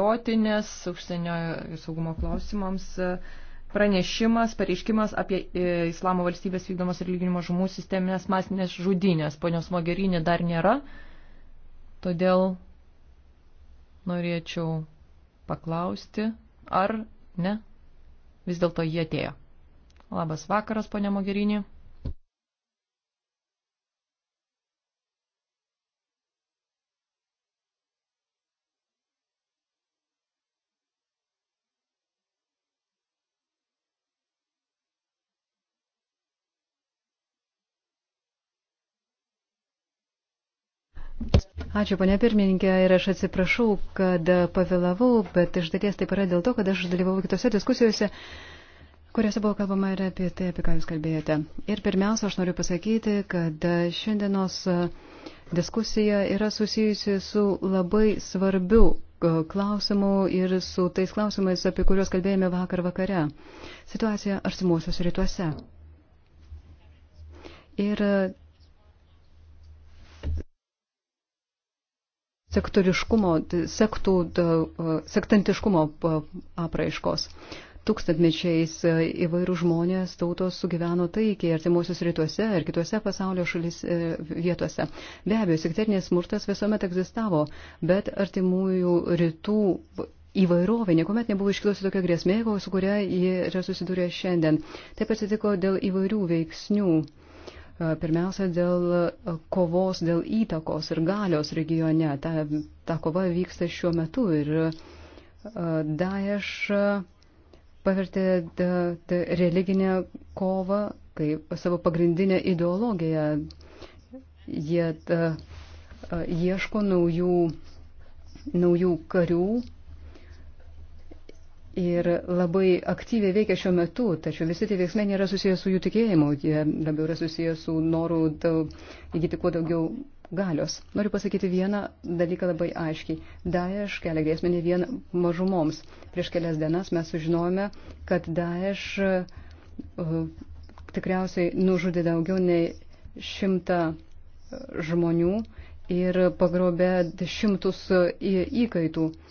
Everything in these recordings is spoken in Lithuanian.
Jotinės užsienio ir saugumo klausimams e, pranešimas, pareiškimas apie e, Islamo valstybės vykdomas religinio mažumų sisteminės masinės žudynės. Ponios Mogerinė dar nėra, todėl norėčiau paklausti, ar ne, vis dėlto jie atėjo. Labas vakaras, ponia Mogerinė. Ačiū, ponė pirmininkė, ir aš atsiprašau, kad pavėlavau, bet iš dalies taip yra dėl to, kad aš dalyvavau kitose diskusijose, kuriuose buvo kalbama ir apie tai, apie ką jūs kalbėjote. Ir pirmiausia, aš noriu pasakyti, kad šiandienos diskusija yra susijusi su labai svarbiu e, klausimu ir su tais klausimais, apie kuriuos kalbėjome vakar vakare. Situacija artimuosiuose rytuose. Ir sektoriškumo, sektų, sektantiškumo apraiškos. Tūkstantmečiais e, įvairių žmonės tautos sugyveno taikiai artimuosius rytuose ir kitose pasaulio šalis e, vietose. Be abejo, sekterinis smurtas visuomet egzistavo, bet artimųjų rytų įvairovė niekuomet nebuvo iškilusi tokia grėsmė, su kuria jie yra susidūrę šiandien. Taip atsitiko dėl įvairių veiksnių. E, pirmiausia, dėl e, kovos, dėl įtakos ir galios regione. Ta, ta kova vyksta šiuo metu ir e, Daesh pavertė da, da, religinę kovą kaip savo pagrindinę ideologiją. Jie da, ieško naujų, naujų karių ir labai aktyviai veikia šiuo metu, tačiau visi tie veiksmai nėra susijęs su jų tikėjimu, jie labiau yra susijęs su noru įgyti kuo daugiau galios. Noriu pasakyti vieną dalyką labai aiškiai. Daesh kelia grėsmę ne vien mažumoms. Prieš kelias dienas mes sužinojome, kad Daesh uh, tikriausiai nužudė daugiau nei šimtą uh, žmonių ir pagrobė šimtus uh, įkaitų. Uh,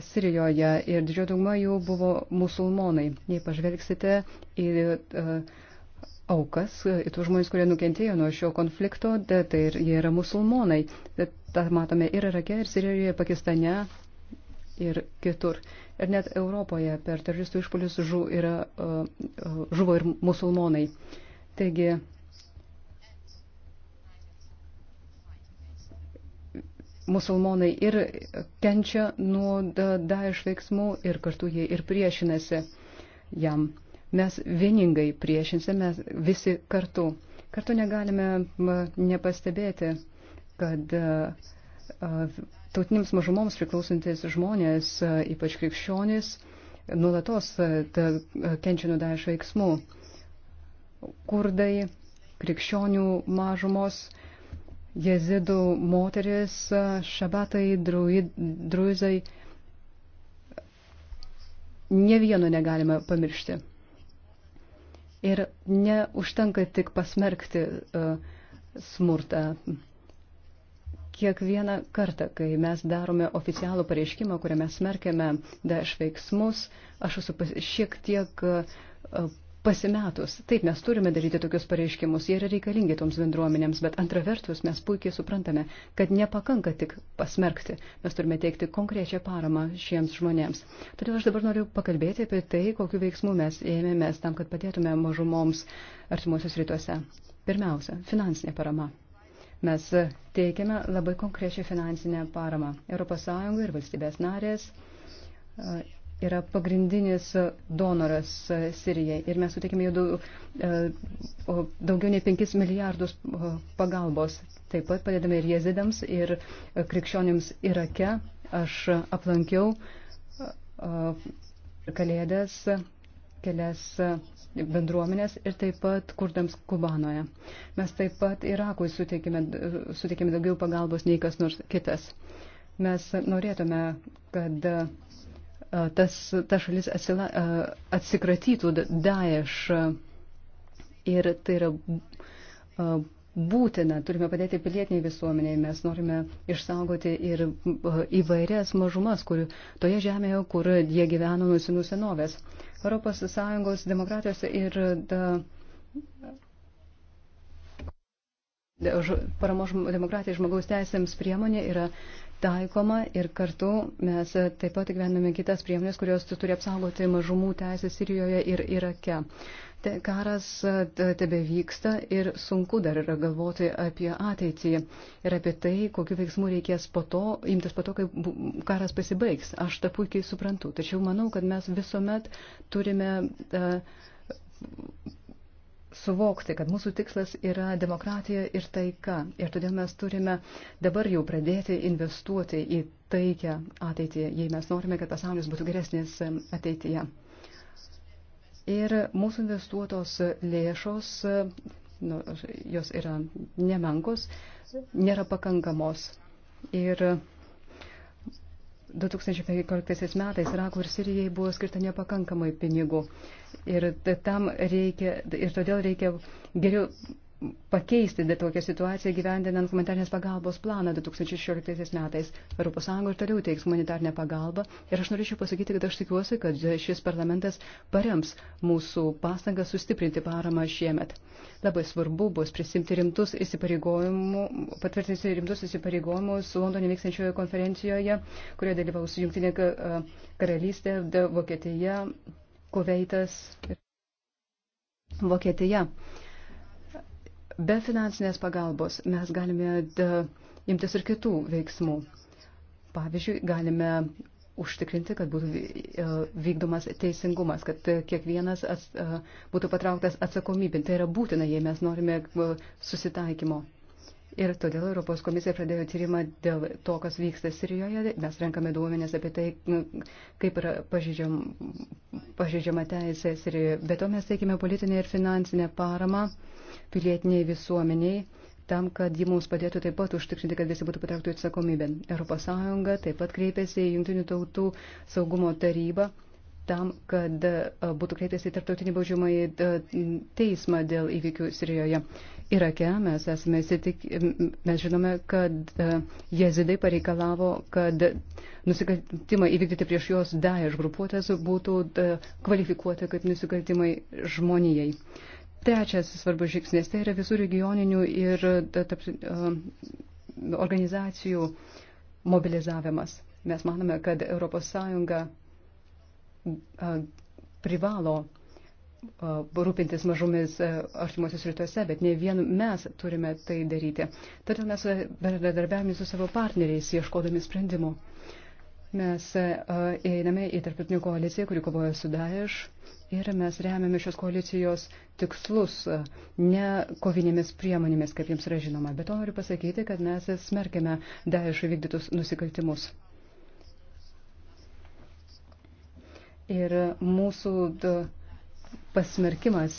Sirijoje ir didžioji dauguma jų buvo musulmonai. Jei pažvelgsite į aukas, į tų žmonės, kurie nukentėjo nuo šio konflikto, tai ir jie yra musulmonai. Ta matome ir Irake, ir Sirijoje, Pakistane, ir kitur. Ir net Europoje per teroristų išpolius žu, yra, žuvo ir musulmonai. Taigi, musulmonai ir kenčia nuo Daesh veiksmų ir kartu jie ir priešinasi jam. Mes vieningai priešinsime visi kartu. Kartu negalime nepastebėti, kad tautinėms mažumoms priklausantis žmonės, ypač krikščionis, nuolatos kenčia nuo Daesh veiksmų. Kurdai, krikščionių mažumos, jezidų moteris, šabatai, druizai. Ne vieno negalime pamiršti. Ir neužtenka tik pasmerkti e, smurtą. Kiekvieną kartą, kai mes darome oficialų pareiškimą, kuriame smerkiame daž veiksmus, aš esu šiek tiek e, pasimetus. Taip, mes turime daryti tokius pareiškimus, jie yra reikalingi toms bendruomenėms, bet antra vertus mes puikiai suprantame, kad nepakanka tik pasmerkti, mes turime teikti konkrečią paramą šiems žmonėms. Todėl aš dabar noriu pakalbėti apie tai, kokiu veiksmu mes ėmėmės tam, kad padėtume mažumoms artimuosius rytuose. Pirmiausia, finansinė parama. Mes teikiame labai konkrečią finansinę paramą. ES ir valstybės narės yra pagrindinis donoras e, Sirijai ir mes sutikime jau e, daugiau nei 5 milijardus e, pagalbos. Taip pat padedame ir jezidams, ir krikščionims Irake. Aš aplankiau kalėdas kelias bendruomenės ir taip pat kurdams Kubanoje. Mes taip pat Irakui suteikime, suteikime daugiau pagalbos nei kas nors kitas. Mes norėtume, kad tas, ta šalis atsila, atsikratytų Daesh. Ir tai yra būtina, turime padėti pilietiniai visuomeniai, mes norime išsaugoti ir įvairias mažumas, kur, toje žemėje, kur jie gyveno nuo senų senovės. Europos Sąjungos demokratijos ir da, paramos demokratijai žmogaus teisėms priemonė yra taikoma ir kartu mes taip pat gyvename kitas priemonės, kurios turi apsaugoti mažumų teisę Sirijoje ir Irake. Te, karas tebe vyksta ir sunku dar yra galvoti apie ateitį ir apie tai, kokiu veiksmu reikės po to, imtis po to, kai karas pasibaigs. Aš tą puikiai suprantu, tačiau manau, kad mes visuomet turime. Uh, suvokti, kad mūsų tikslas yra demokratija ir taika. Ir todėl mes turime dabar jau pradėti investuoti į taikę ateitį, jei mes norime, kad pasaulis būtų geresnis ateityje. Ir mūsų investuotos lėšos, nu, jos yra nemenkos, nėra pakankamos. Ir 2015 metais Irakui ir Sirijai buvo skirta nepakankamai pinigų. Ir, tam reikia, ir todėl reikia geriau pakeisti tokią situaciją gyvendinant humanitarnės pagalbos planą 2016 metais. ES ir toliau teiks humanitarnę pagalbą ir aš norėčiau pasakyti, kad aš tikiuosi, kad šis parlamentas parems mūsų pastangą sustiprinti paramą šiemet. Labai svarbu bus prisimti rimtus įsipareigojimus, patvirtinti rimtus įsipareigojimus Londone vykstančioje konferencijoje, kurioje dalyvaus Junktinė karalystė, Vokietija, Kuveitas ir Vokietija be finansinės pagalbos mes galime e, imtis ir kitų veiksmų. Pavyzdžiui, galime užtikrinti, kad būtų e, vykdomas teisingumas, kad kiekvienas ats, e, būtų patrauktas atsakomybė. Tai yra būtina, jei mes norime susitaikymo. Ir todėl Europos komisija pradėjo tyrimą dėl to, kas vyksta Sirijoje. Mes renkame duomenės apie tai, nu, kaip yra pažydžiam, pažydžiama teisė Sirijoje. Be to mes teikime politinę ir finansinę paramą pilietiniai visuomeniai tam, kad ji mums padėtų taip pat užtikrinti, kad visi būtų patraukti atsakomybę. Europos Sąjunga taip pat kreipėsi į Junktinių tautų saugumo tarybą tam, kad būtų kreiptasi į tarptautinį baudžiamąjį teismą dėl įvykių Sirijoje. Irake mes esame įsitik, mes žinome, kad e, jezidai pareikalavo, kad nusikaltimai įvykdyti prieš juos Daesh grupuotės būtų e, kvalifikuoti kaip nusikaltimai žmonijai. Trečias svarbus žingsnis tai yra visų regioninių ir e, tarp, organizacijų mobilizavimas. Mes manome, kad ES privalo rūpintis mažomis artimuosius rytuose, bet ne vien mes turime tai daryti. Todėl mes bendradarbiavame su savo partneriais, ieškodami sprendimų. Mes einame į tarptautinę koaliciją, kuri kovoja su Daesh ir mes remiame šios koalicijos tikslus ne kovinėmis priemonėmis, kaip jums yra žinoma, bet to noriu pasakyti, kad mes smerkėme Daesh įvykdytus nusikaltimus. Ir mūsų da, pasmerkimas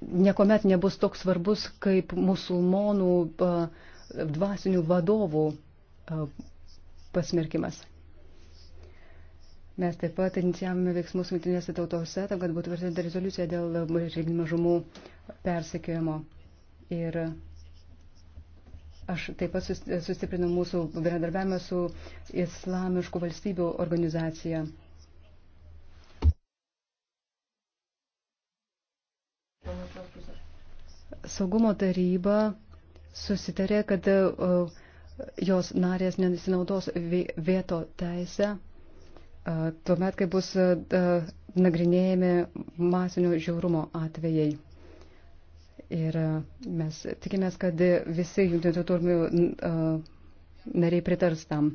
niekuomet nebus toks svarbus kaip musulmonų dvasinių vadovų pasmerkimas. Mes taip pat inicijavome veiksmus jungtinėse tautose, tam, kad būtų vertinta rezoliucija dėl religinių mažumų persekiojimo. Ir aš taip pat sustiprinau mūsų bendradarbiavimą su islamiškų valstybių organizacija. saugumo taryba susitarė, kad e, jos narės nesinaudos vieto teisę e, tuomet, kai bus e, nagrinėjami masinio žiaurumo atvejai. Ir mes tikimės, kad visi jungtinių tautų nariai pritars tam.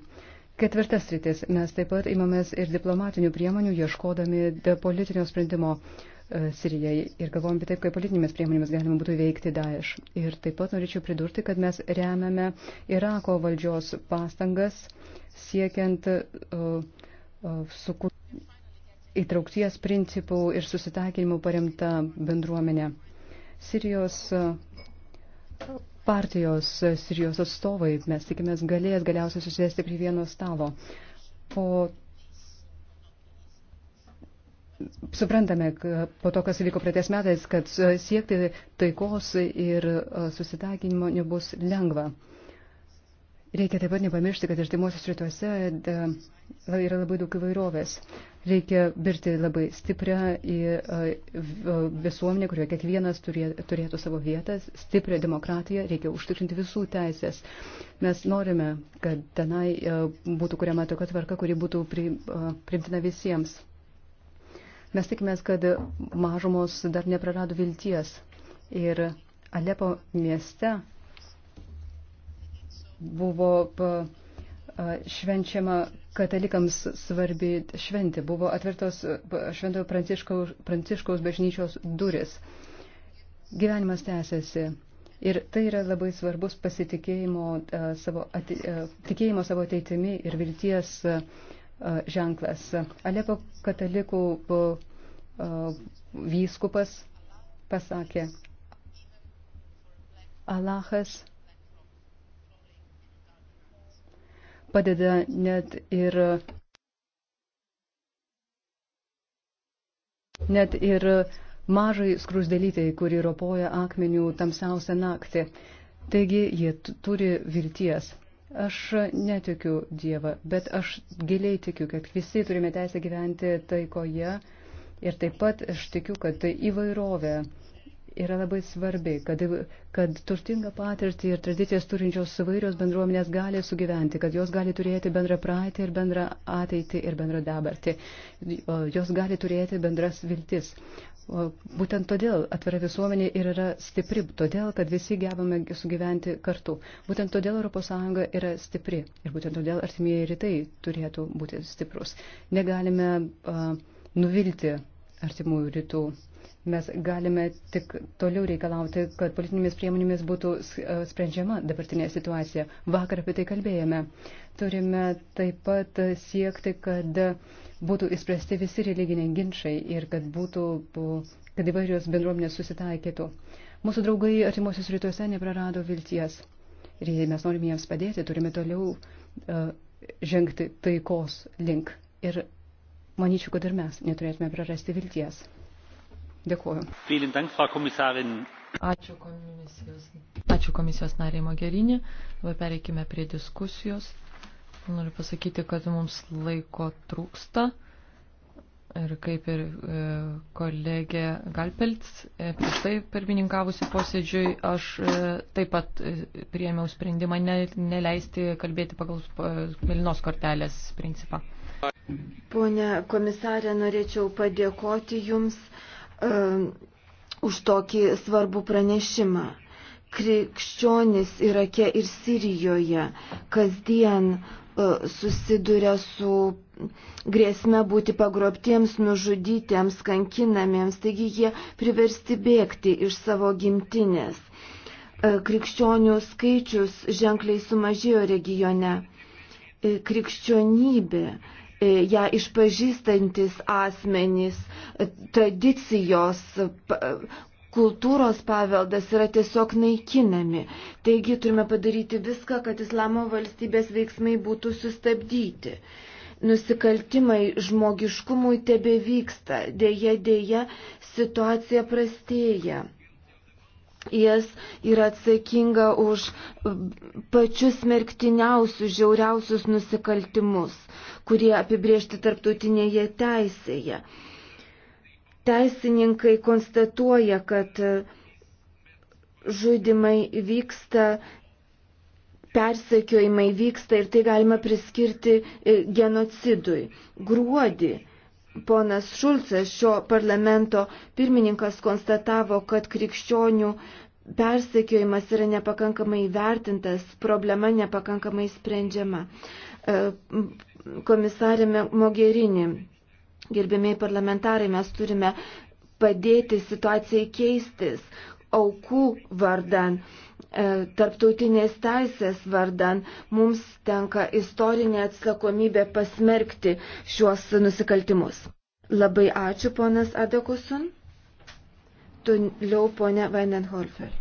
Ketvirtas rytis. Mes taip pat imamės ir diplomatinių priemonių, ieškodami politinio sprendimo. Uh, E, Sirijai ir galvojame apie taip, kaip politinėmis priemonėmis galima būtų veikti Daesh. Ir taip pat norėčiau pridurti, kad mes remiame Irako valdžios pastangas siekiant uh, e, uh, e, sukurti įtraukties principų ir susitaikymų paremta bendruomenė. Sirijos partijos, Sirijos atstovai, mes tikimės, galės galiausiai susėsti prie vieno stalo. Po Suprantame, po to, kas vyko praeitais metais, kad siekti taikos ir susitaikinimo nebus lengva. Reikia taip pat nepamiršti, kad artimuosius rytuose yra labai daug įvairovės. Reikia birti labai stiprią visuomenę, kurioje kiekvienas turėtų savo vietas, stiprią demokratiją, reikia užtikrinti visų teisės. Mes norime, kad tenai būtų kuriama tokia tvarka, kuri būtų priimtina visiems. Mes tikimės, kad mažumos dar neprarado vilties. Ir Alepo mieste buvo švenčiama katalikams svarbi šventė. Buvo atvirtos šventojo Pranciškaus, Pranciškaus bažnyčios duris. Gyvenimas tęsiasi. Ir tai yra labai svarbus pasitikėjimo savo, ati, tikėjimo savo ateitimi ir vilties ženklas. Alepo katalikų vyskupas pasakė, Alachas padeda net ir net ir mažai skrusdelytai, kuri ropoja akmenių tamsiausią naktį. Taigi jie turi vilties. Aš netikiu Dievą, bet aš giliai tikiu, kad visi turime teisę gyventi taikoje ir taip pat aš tikiu, kad tai įvairovė yra labai svarbi, kad, kad turtinga patirtį ir tradicijas turinčios įvairios bendruomenės gali sugyventi, kad jos gali turėti bendrą praeitį ir bendrą ateitį ir bendrą dabartį, jos gali turėti bendras viltis. Būtent todėl atvira visuomenė ir yra stipri, todėl, kad visi gebame sugyventi kartu. Būtent todėl ES yra stipri ir būtent todėl artimieji rytai turėtų būti stiprus. Negalime uh, nuvilti artimųjų rytų. Uh, Mes galime tik toliau reikalauti, kad politinėmis priemonėmis būtų e, sprendžiama dabartinė situacija. Vakar apie tai kalbėjome. Turime taip pat siekti, kad būtų įspręsti visi religiniai ginčiai ir kad būtų, kad įvairios bendruomenės susitaikytų. Mūsų draugai artimuosius rytuose neprarado vilties. Ir jei mes norime jiems padėti, turime toliau uh, žengti taikos link. Ir manyčiau, kad ir mes neturėtume prarasti vilties. Dėkuoju. Ačiū komisijos, Ačiū komisijos nariai Mogerinį. Dabar pereikime prie diskusijos. Noriu pasakyti, kad mums laiko trūksta. Ir kaip ir e, kolegė Galpelts, e, prieš tai pirmininkavusi posėdžiui, aš e, taip pat e, priėmiau sprendimą ne, neleisti kalbėti pagal e, Melinos kortelės principą. Pone komisarė, norėčiau padėkoti Jums. E, um, už tokį svarbų pranešimą. Krikščionis Irake ir Sirijoje kasdien uh, susiduria su grėsme būti pagrobtiems, nužudytiems, kankinamiems, taigi jie priversti bėgti iš savo gimtinės. Uh, krikščionių skaičius ženkliai sumažėjo regione. Uh, krikščionybė E, ją išpažįstantis asmenys, tradicijos, kultūros paveldas yra tiesiog naikinami. Taigi turime padaryti viską, kad islamo valstybės veiksmai būtų sustabdyti. Nusikaltimai žmogiškumui tebe vyksta, dėje dėje situacija prastėja. Jas yra atsakinga už pačius smerktiniausius, žiauriausius nusikaltimus, kurie apibriežti tarptautinėje teisėje. Teisininkai konstatuoja, kad žudimai vyksta persekiojimai vyksta ir tai galima priskirti e, genocidui. Gruodį ponas Šulcas, šio parlamento pirmininkas, konstatavo, kad krikščionių persekiojimas yra nepakankamai vertintas, problema nepakankamai sprendžiama. E, komisarė Mogherini, gerbėmiai parlamentarai, mes turime padėti situacijai keistis aukų vardan. E, tarptautinės teisės vardan mums tenka istorinė atsakomybė pasmerkti šiuos nusikaltimus. Labai ačiū, ponas Adekusun. Toliau, ponė Vainenholfer.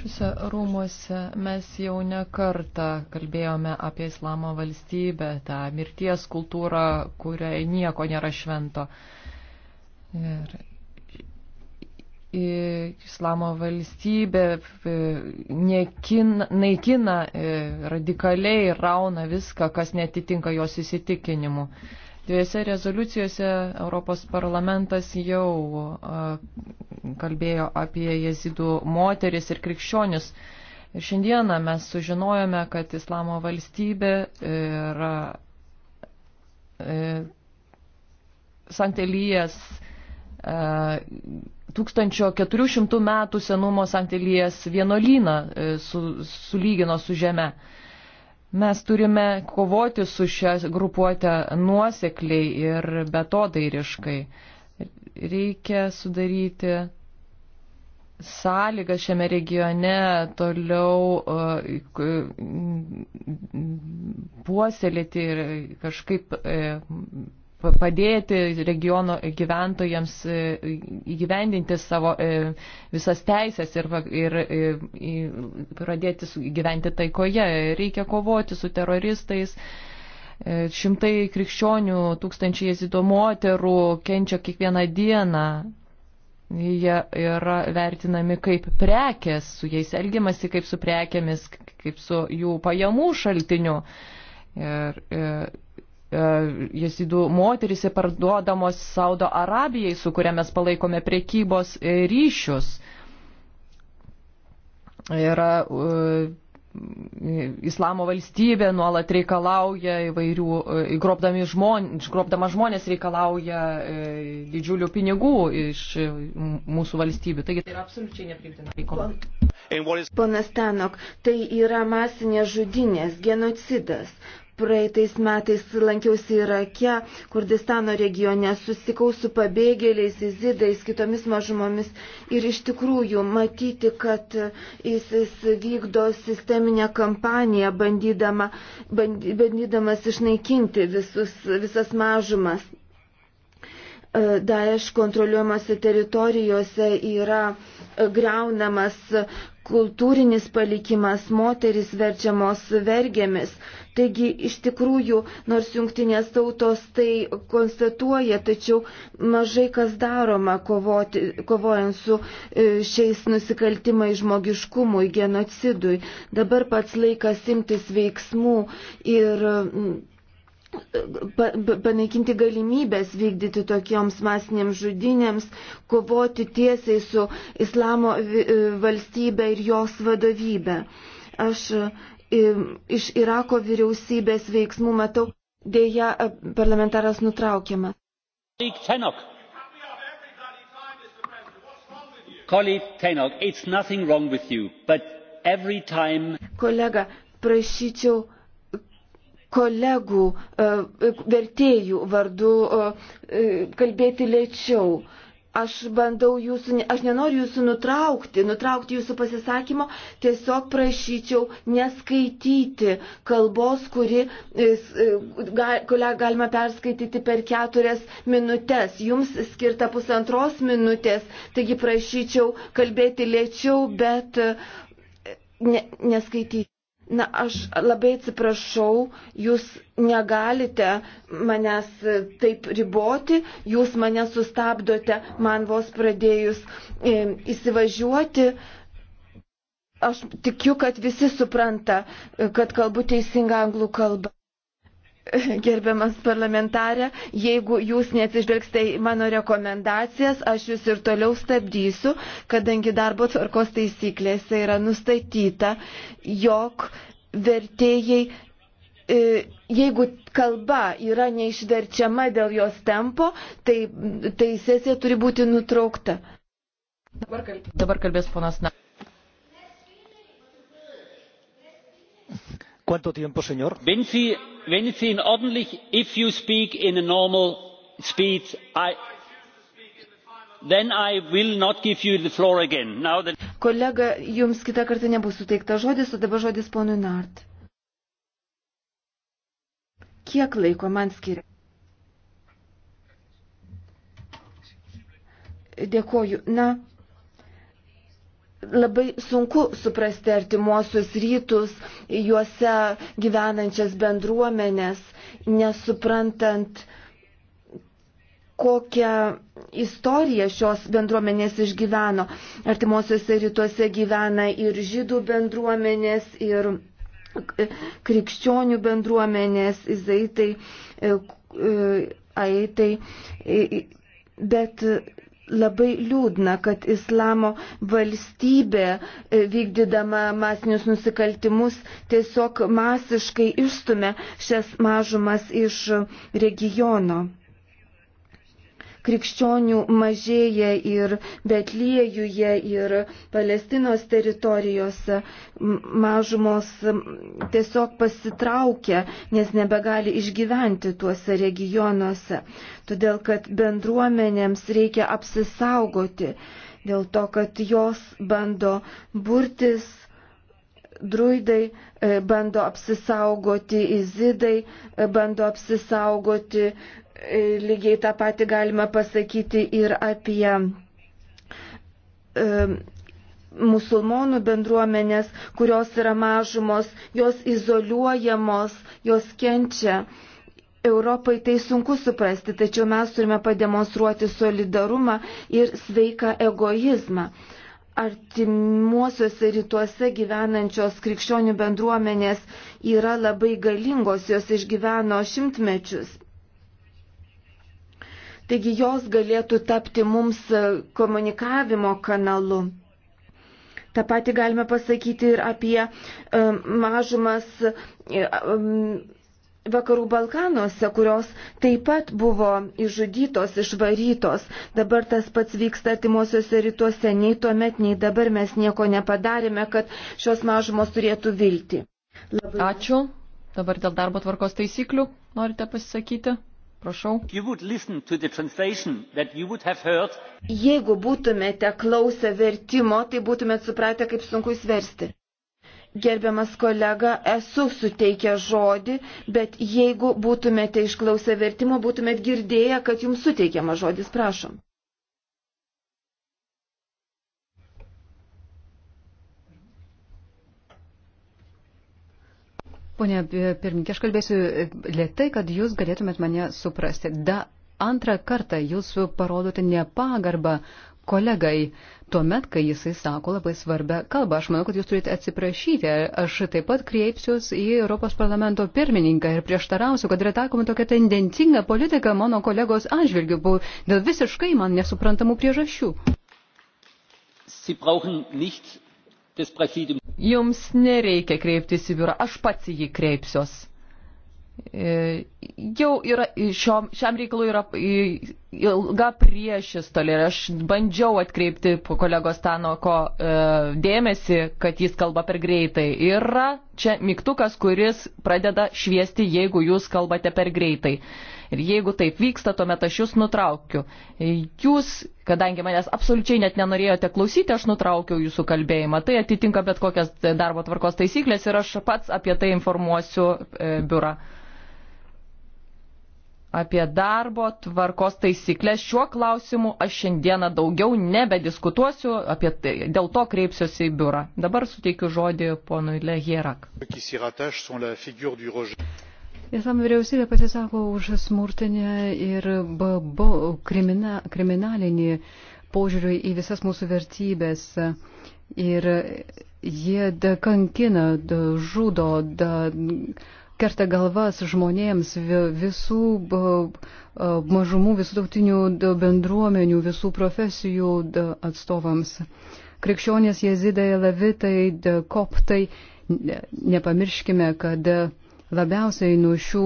Šiuose rūmuose mes jau ne kartą kalbėjome apie islamo valstybę, tą mirties kultūrą, kurioje nieko nėra švento. Ir islamo valstybė e, niekina, naikina e, radikaliai ir rauna viską, kas netitinka jos įsitikinimu. Dviejose rezoliucijose Europos parlamentas jau e, kalbėjo apie jezidų moteris ir krikščionis. Ir šiandieną mes sužinojome, kad islamo valstybė yra Santelijas 1400 metų senumo Santilijas vienolyną e, su, sulygino su žeme. Mes turime kovoti su šią grupuotę nuosekliai ir betodairiškai. Reikia sudaryti sąlygas šiame regione toliau e, puoselėti ir kažkaip e, padėti regiono gyventojams e, įgyvendinti savo e, visas teisės ir, ir, ir e, pradėti gyventi taikoje. Reikia kovoti su teroristais. Šimtai krikščionių, tūkstančiai jezidų moterų kenčia kiekvieną dieną. Jie yra vertinami kaip prekės, su jais elgiamasi kaip su prekėmis, kaip su jų pajamų šaltiniu. Ir, ir E, jesidų moterys parduodamos Saudo Arabijai, su kuria mes palaikome prekybos e, ryšius. Ir e, islamo valstybė nuolat reikalauja įvairių, gropdama žmonės, žmonės reikalauja didžiulių pinigų iš mūsų valstybių. Taigi tai yra absoliučiai neprimtina veikla. Ponas Tanok, tai yra masinė žudinės, genocidas. Praeitais metais lankiausi Irake, Kurdistano regione, susikau su pabėgėliais, izidais, kitomis mažumomis ir iš tikrųjų matyti, kad jis vykdo sisteminę kampaniją, bandydama, bandydamas išnaikinti visus, visas mažumas. E, Daeš kontroliuojamose teritorijose yra e, greunamas kultūrinis palikimas, moteris verčiamos vergėmis. Taigi, iš tikrųjų, nors jungtinės tautos tai konstatuoja, tačiau mažai kas daroma kovoti, kovojant su e, šiais nusikaltimai žmogiškumui, genocidui. Dabar pats laikas imtis veiksmų ir panaikinti galimybės vykdyti tokioms masinėms žudinėms, kovoti tiesiai su islamo e, valstybe ir jos vadovybe. Aš iš Irako vyriausybės veiksmų matau, dėja e, parlamentaras nutraukiama. Kolega, prašyčiau kolegų e, e, vertėjų vardu kalbėti lėčiau. Aš bandau jūsų, aš nenoriu jūsų nutraukti, nutraukti jūsų pasisakymo, tiesiog prašyčiau neskaityti kalbos, kuri, e, e, kurią galima perskaityti per keturias minutės. Jums skirta pusantros minutės, taigi prašyčiau kalbėti lėčiau, bet e, ne, neskaityti. Na, aš labai atsiprašau, jūs negalite manęs e, taip riboti, jūs mane sustabdote, man vos pradėjus e, įsivažiuoti. Aš tikiu, kad visi supranta, e, kad kalbu teisingą anglų kalbą. Gerbiamas parlamentarė, jeigu jūs neatsižvelgsite į mano rekomendacijas, aš jūs ir toliau stabdysiu, kadangi darbo tvarkos taisyklėse yra nustatyta, jog vertėjai, e, jeigu kalba yra neišverčiama dėl jos tempo, tai, tai sesija turi būti nutraukta. Dabar kalbės ponas Na. cuánto tiempo señor? wenn sie, wenn sie in ordentlich if you speak in a normal speech i then i will not give you the floor again. now the kolega jums kitą kartą nebus suteiktas žodis o dabar žodis ponui nart. kiek laiko man skiria? Dėkoju. Na, labai sunku suprasti artimuosius rytus, juose gyvenančias bendruomenės, nesuprantant, kokią istoriją šios bendruomenės išgyveno. Artimuosiuose rytuose gyvena ir žydų bendruomenės, ir krikščionių bendruomenės, izaitai, e, e, aitai, e, bet labai liūdna, kad islamo valstybė e, vykdydama masinius nusikaltimus tiesiog masiškai išstumia šias mažumas iš regiono krikščionių mažėja ir Betliejuje, ir Palestinos teritorijose. Mažumos tiesiog pasitraukia, nes nebegali išgyventi tuose regionuose. Todėl, kad bendruomenėms reikia apsisaugoti dėl to, kad jos bando burtis, druidai, e, bando apsisaugoti izidai, e, bando apsisaugoti E, lygiai tą patį galima pasakyti ir apie e, musulmonų bendruomenės, kurios yra mažumos, jos izoliuojamos, jos kenčia. Europai tai sunku suprasti, tačiau mes turime pademonstruoti solidarumą ir sveiką egoizmą. Artimuosiuose rytuose gyvenančios krikščionių bendruomenės yra labai galingos, jos išgyveno šimtmečius. Taigi jos galėtų tapti mums komunikavimo kanalu. Ta pati galime pasakyti ir apie e, mažumas e, Vakarų Balkanuose, kurios taip pat buvo išžudytos, išvarytos. Dabar tas pats vyksta artimuosiuose rytuose, nei tuomet, nei dabar mes nieko nepadarėme, kad šios mažumos turėtų vilti. Labai... Ačiū. Dabar dėl darbo tvarkos taisyklių norite pasisakyti? Prašau. Jeigu būtumėte klausę vertimo, tai būtumėte supratę, kaip sunku įsversti. Gerbiamas kolega, esu suteikę žodį, bet jeigu būtumėte išklausę vertimo, būtumėte girdėję, kad jums suteikiamas žodis, prašom. Pone e, pirmininkė, aš kalbėsiu e, lėtai, kad jūs galėtumėt mane suprasti. Da, antrą kartą jūs parodote nepagarbą kolegai tuomet, kai jisai sako labai svarbę kalbą. Aš manau, kad jūs turite atsiprašyti. Aš taip pat kreipsiuos į Europos parlamento pirmininką ir prieštarausiu, kad yra takoma tokia tendencinga politika mano kolegos atžvilgių dėl visiškai man nesuprantamų priežasčių. Sie brauchen nicht Jums nereikia kreiptis į biurą, aš pats į jį kreipsiuos. E, jau yra, šiom, šiam reikalui yra ilga priešistolė ir aš bandžiau atkreipti kolegos Tanoko e, dėmesį, kad jis kalba per greitai. Yra čia mygtukas, kuris pradeda šviesti, jeigu jūs kalbate per greitai. Ir jeigu taip vyksta, tuomet aš jūs nutraukiu. Jūs, kadangi manęs absoliučiai net nenorėjote klausyti, aš nutraukiau jūsų kalbėjimą. Tai atitinka bet kokias darbo tvarkos taisyklės ir aš pats apie tai informuosiu e, biurą apie darbo tvarkos taisyklės. Šiuo klausimu aš šiandieną daugiau nebediskutuosiu, apie tai, dėl to kreipsiuosi į biurą. Dabar suteikiu žodį ponui Lehierak. Islamo vyriausybė pasisako už smurtinę ir babo, krimina, kriminalinį požiūrį į visas mūsų vertybės. Ir jie kankina, žudo, kerta galvas žmonėms visų mažumų, visų tautinių bendruomenių, visų profesijų atstovams. Krikščionės jezidai, levitai, koptai. Nepamirškime, kad Labiausiai nuo šių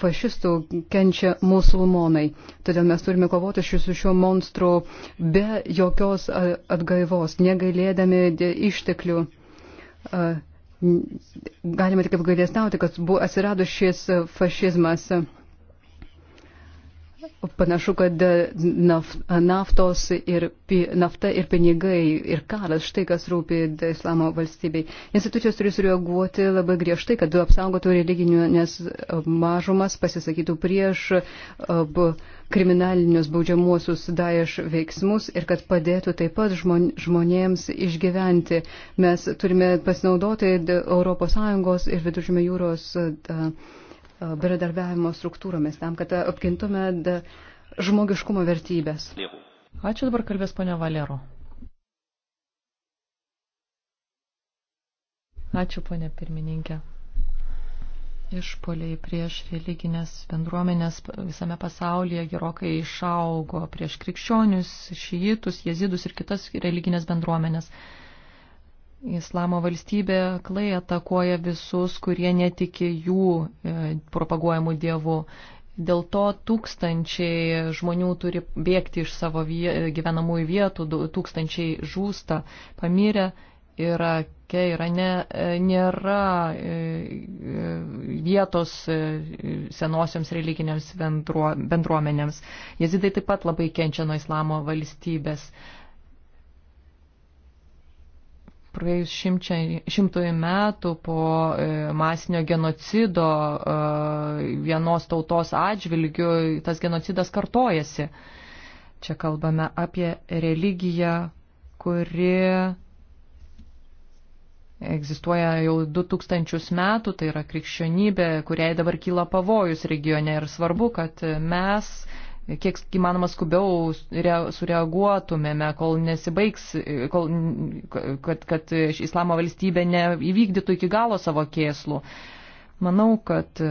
fašistų kenčia musulmonai. Todėl mes turime kovoti su šiuo monstru be jokios atgaivos, negailėdami išteklių. Galime tik apgailėstauti, kad buvo atsirado šis fašizmas. Panašu, kad e, naftos ir, nafta ir pinigai ir karas štai kas rūpi islamo valstybei. Institucijos turi sureaguoti labai griežtai, kad apsaugotų religinių, nes e, mažumas pasisakytų prieš e, kriminalinius baudžiamuosius daeš veiksmus ir kad padėtų taip pat žmonėms išgyventi. Mes turime pasinaudoti ES ir Viduržymė jūros. Da, E, bendradarbiavimo struktūromis, tam, kad apgintume žmogiškumo vertybės. Ačiū dabar kalbės ponia Valero. Ačiū ponia pirmininkė. Išpoliai prieš religinės bendruomenės visame pasaulyje gerokai išaugo prieš krikščionius, šyitus, jezidus ir kitas religinės bendruomenės. Islamo valstybė klai atakuoja visus, kurie netiki jų e, propaguojamų dievų. Dėl to tūkstančiai žmonių turi bėgti iš savo gyvenamųjų vietų, tūkstančiai žūsta, pamirė Irake, Irane e, nėra e, vietos senosioms religinėms bendruomenėms. Jezidai taip pat labai kenčia nuo islamo valstybės praėjus šimčiai, šimtųjų metų po e, masinio genocido e, vienos tautos atžvilgių tas genocidas kartojasi. Čia kalbame apie religiją, kuri egzistuoja jau 2000 metų, tai yra krikščionybė, kuriai dabar kyla pavojus regione ir svarbu, kad mes kiek įmanoma skubiau sureaguotumėme, kol nesibaigs, kol, kad, kad islamo valstybė neįvykdytų iki galo savo kėslų. Manau, kad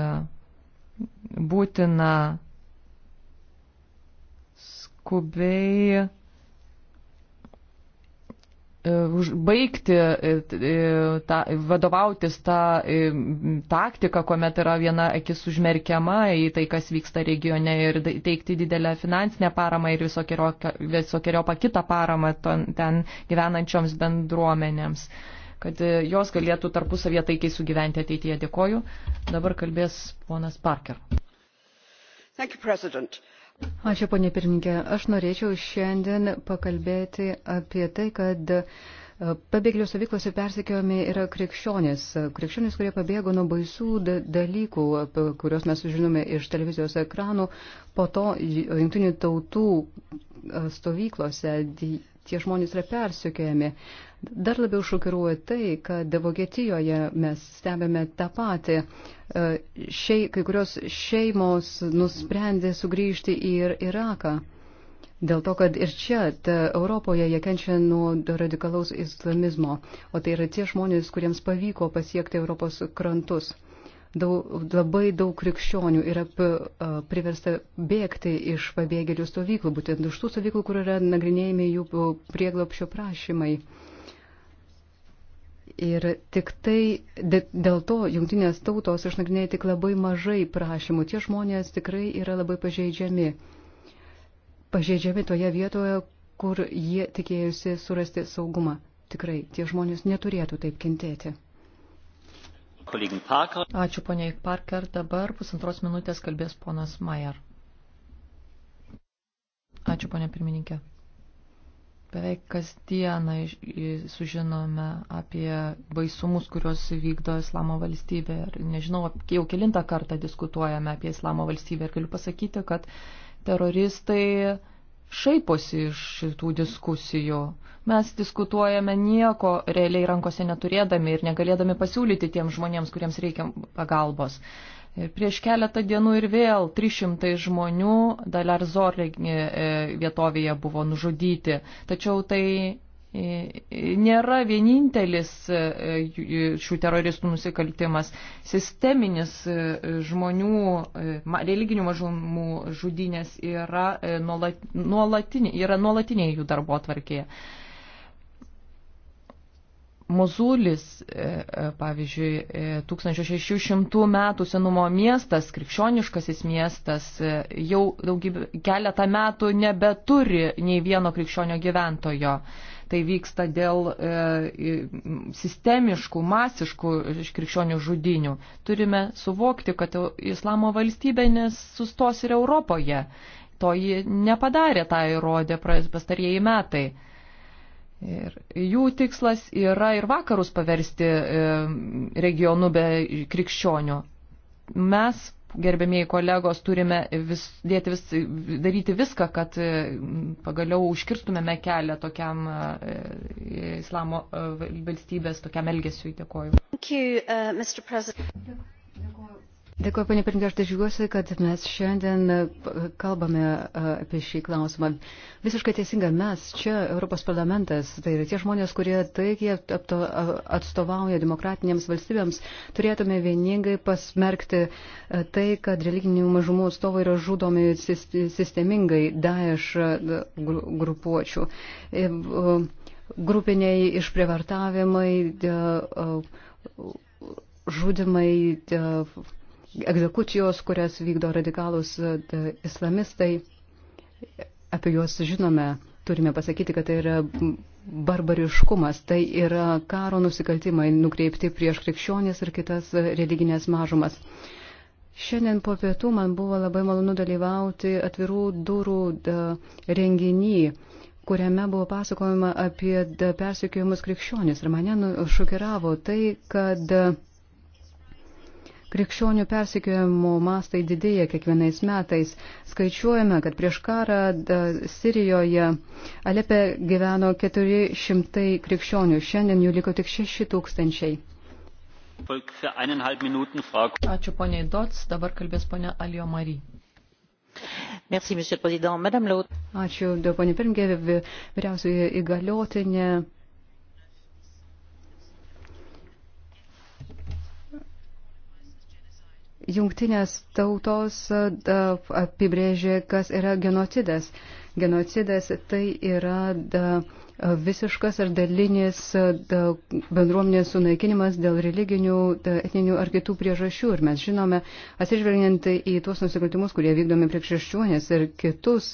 būtina skubiai E, užbaigti, e, ta, e, vadovautis tą taktiką, kuomet yra viena akis užmerkiama į tai, kas vyksta regione ir teikti didelę finansinę paramą ir visokiojo pakitą paramą ten gyvenančioms bendruomenėms kad jos galėtų tarpusavie taikiai sugyventi ateityje. Dėkoju. Dabar kalbės ponas Parker. Thank you, President. Ačiū, ponė pirmininkė. Aš norėčiau šiandien pakalbėti apie tai, kad e, pabėgėlių stovyklose persekiojami yra krikščionės. Krikščionės, kurie pabėgo nuo baisų dalykų, kuriuos mes žinome iš televizijos ekranų, po to jungtinių tautų e, stovyklose tie žmonės yra persiekėjami. Dar labiau šokiruoja tai, kad Vokietijoje mes stebime tą patį. E, Šiai, kai kurios šeimos nusprendė sugrįžti į Iraką. Dėl to, kad ir čia, ta, Europoje, jie kenčia nuo radikalaus islamizmo, o tai yra tie žmonės, kuriems pavyko pasiekti Europos krantus daug, labai daug krikščionių yra priversta bėgti iš pabėgėlių stovyklų, būtent iš tų stovyklų, kur yra nagrinėjami jų prieglopšio prašymai. Ir tik tai dėl to jungtinės tautos išnagrinėja tik labai mažai prašymų. Tie žmonės tikrai yra labai pažeidžiami. Pažeidžiami toje vietoje, kur jie tikėjusi surasti saugumą. Tikrai tie žmonės neturėtų taip kentėti. Ačiū poniai Parker. Dabar pusantros minutės kalbės ponas Mayer. Ačiū ponia pirmininkė. Beveik kasdieną sužinome apie baisumus, kuriuos vykdo Islamo valstybė. Ir nežinau, jau kilintą kartą diskutuojame apie Islamo valstybę ir galiu pasakyti, kad teroristai šaiposi iš šitų diskusijų. Mes diskutuojame nieko realiai rankose neturėdami ir negalėdami pasiūlyti tiems žmonėms, kuriems reikia pagalbos. Ir prieš keletą dienų ir vėl 300 žmonių Dalarzor e, e, vietovėje buvo nužudyti. Tačiau tai nėra vienintelis e, šių teroristų nusikaltimas. Sisteminis e, žmonių, e, religinių mažumų žudynės yra, nuolat, nuolatinė, yra nuolatinė jų darbo atvarkėje. Mozulis, pavyzdžiui, 1600 metų senumo miestas, krikščioniškasis miestas, jau daugybę, keletą metų nebeturi nei vieno krikščionio gyventojo. Tai vyksta dėl e, sistemiškų, masiškų krikščionių žudinių. Turime suvokti, kad islamo valstybė nesustos ir Europoje. To ji nepadarė, tą įrodė pastarieji metai. Ir jų tikslas yra ir vakarus paversti e, regionu be krikščionių. Mes gerbėmiai kolegos, turime vis, dėti vis, daryti viską, kad e, pagaliau užkirstumėme kelią tokiam e, islamo e, valstybės, tokiam elgesiu. Dėkoju. Thank you, uh, Mr. President. Dėkoju. Dėkuoju, panė Pirinkė, aš tai džiaugiuosi, kad mes šiandien e, kalbame e, apie šį klausimą. Visiškai teisinga, mes čia, Europos parlamentas, tai yra tie žmonės, kurie taikiai atstovauja demokratinėms valstybėms, turėtume vieningai pasmerkti e, tai, kad religinių mažumų atstovai yra žudomi sistemingai Daesh grupuočių. Grupiniai išprievartavimai, žudimai. De, egzekucijos, kurias vykdo radikalus e, islamistai, apie juos žinome, turime pasakyti, kad tai yra barbariškumas, tai yra karo nusikaltimai nukreipti prieš krikščionis ir kitas e, religinės mažumas. Šiandien po pietų man buvo labai malonu dalyvauti atvirų durų renginį, kuriame buvo pasakojama apie persekiojimus krikščionis. Ir mane nu, šokiravo tai, kad Krikščionių persikiojimo mastai didėja kiekvienais metais. Skaičiuojame, kad prieš karą Sirijoje Alepe gyveno 400 krikščionių, šiandien jų liko tik 6 tūkstančiai. Ačiū poniai Dots, dabar kalbės ponia Alio Mary monsieur le président madame la haute représentante Jungtinės tautos e, apibrėžė, kas yra genocidas. Genocidas tai yra da, visiškas ar dalinis da, bendruomenės sunaikinimas dėl religinių, da, etninių ar kitų priežasčių. Ir mes žinome, atsižvelgiant į tuos nusikaltimus, kurie vykdomi prieš krikščionės ir kitus,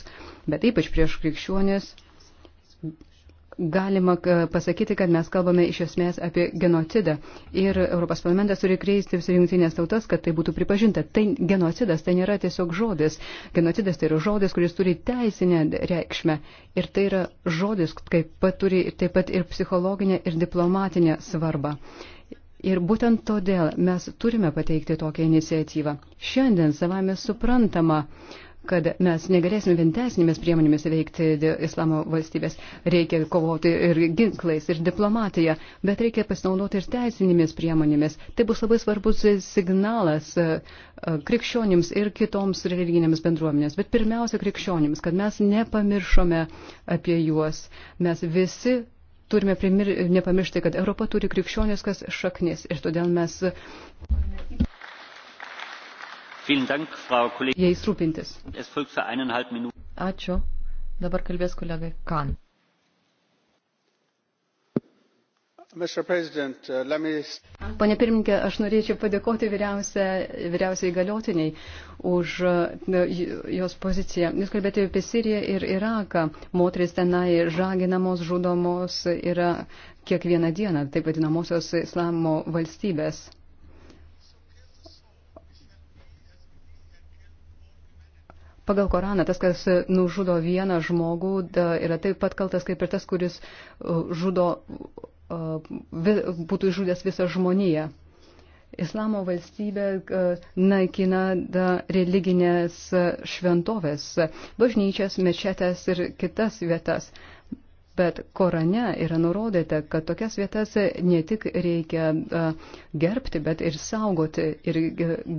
bet ypač prieš krikščionės, galima e, pasakyti, kad mes kalbame iš esmės apie genocidą. Ir Europos parlamentas turi kreistis rinktinės tautas, kad tai būtų pripažinta. Tai genocidas tai nėra tiesiog žodis. Genocidas tai yra žodis, kuris turi teisinę reikšmę. Ir tai yra žodis, kaip pat turi taip pat ir psichologinę, ir diplomatinę svarbą. Ir būtent todėl mes turime pateikti tokią iniciatyvą. Šiandien savame suprantama, uh, kad mes negalėsime vien teisinėmis priemonėmis veikti islamo valstybės. Reikia kovoti ir ginklais, ir diplomatija, bet reikia pasinaudoti ir teisinėmis priemonėmis. Tai bus labai svarbus signalas e, e, krikščionims ir kitoms religinėms bendruomenės, bet pirmiausia krikščionims, kad mes nepamiršome apie juos. Mes visi turime primir, nepamiršti, kad Europa turi krikščioniškas šaknis ir todėl mes jais rūpintis. Ačiū. Dabar kalbės kolegai Kan. Pane pirmininkė, aš norėčiau padėkoti vyriausiai galiotiniai už uh, jos poziciją. Jūs kalbėjote apie Siriją ir Iraką. Moteris tenai žaginamos, žudomos yra kiekvieną dieną, taip vadinamosios islamo valstybės. Pagal Koraną tas, kas nužudo vieną žmogų, da, yra taip pat kaltas kaip ir tas, kuris uh, žudo, uh, būtų žudęs visą žmoniją. Islamo valstybė uh, naikina religinės šventovės, bažnyčias, mečetės ir kitas vietas. Bet Korane yra nurodyta, kad tokias vietas ne tik reikia gerbti, bet ir saugoti ir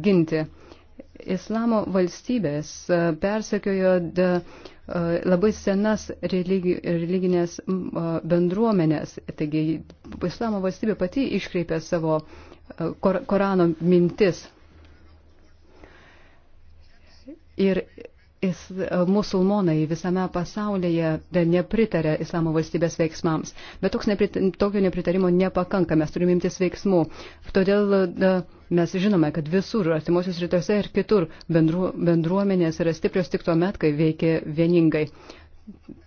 ginti. Islamo valstybės e, persekiojo e, labai senas religi, religinės e, bendruomenės. Taigi, Islamo valstybė pati iškreipė savo Korano mintis. Ir is, musulmonai visame pasaulyje nepritarė islamo valstybės veiksmams. Bet toks neprit, tokio nepritarimo nepakanka, mes turime imtis veiksmų. Todėl da, mes žinome, kad visur, artimuosius rytuose ir kitur bendru, bendruomenės yra stiprios tik tuo met, kai veikia vieningai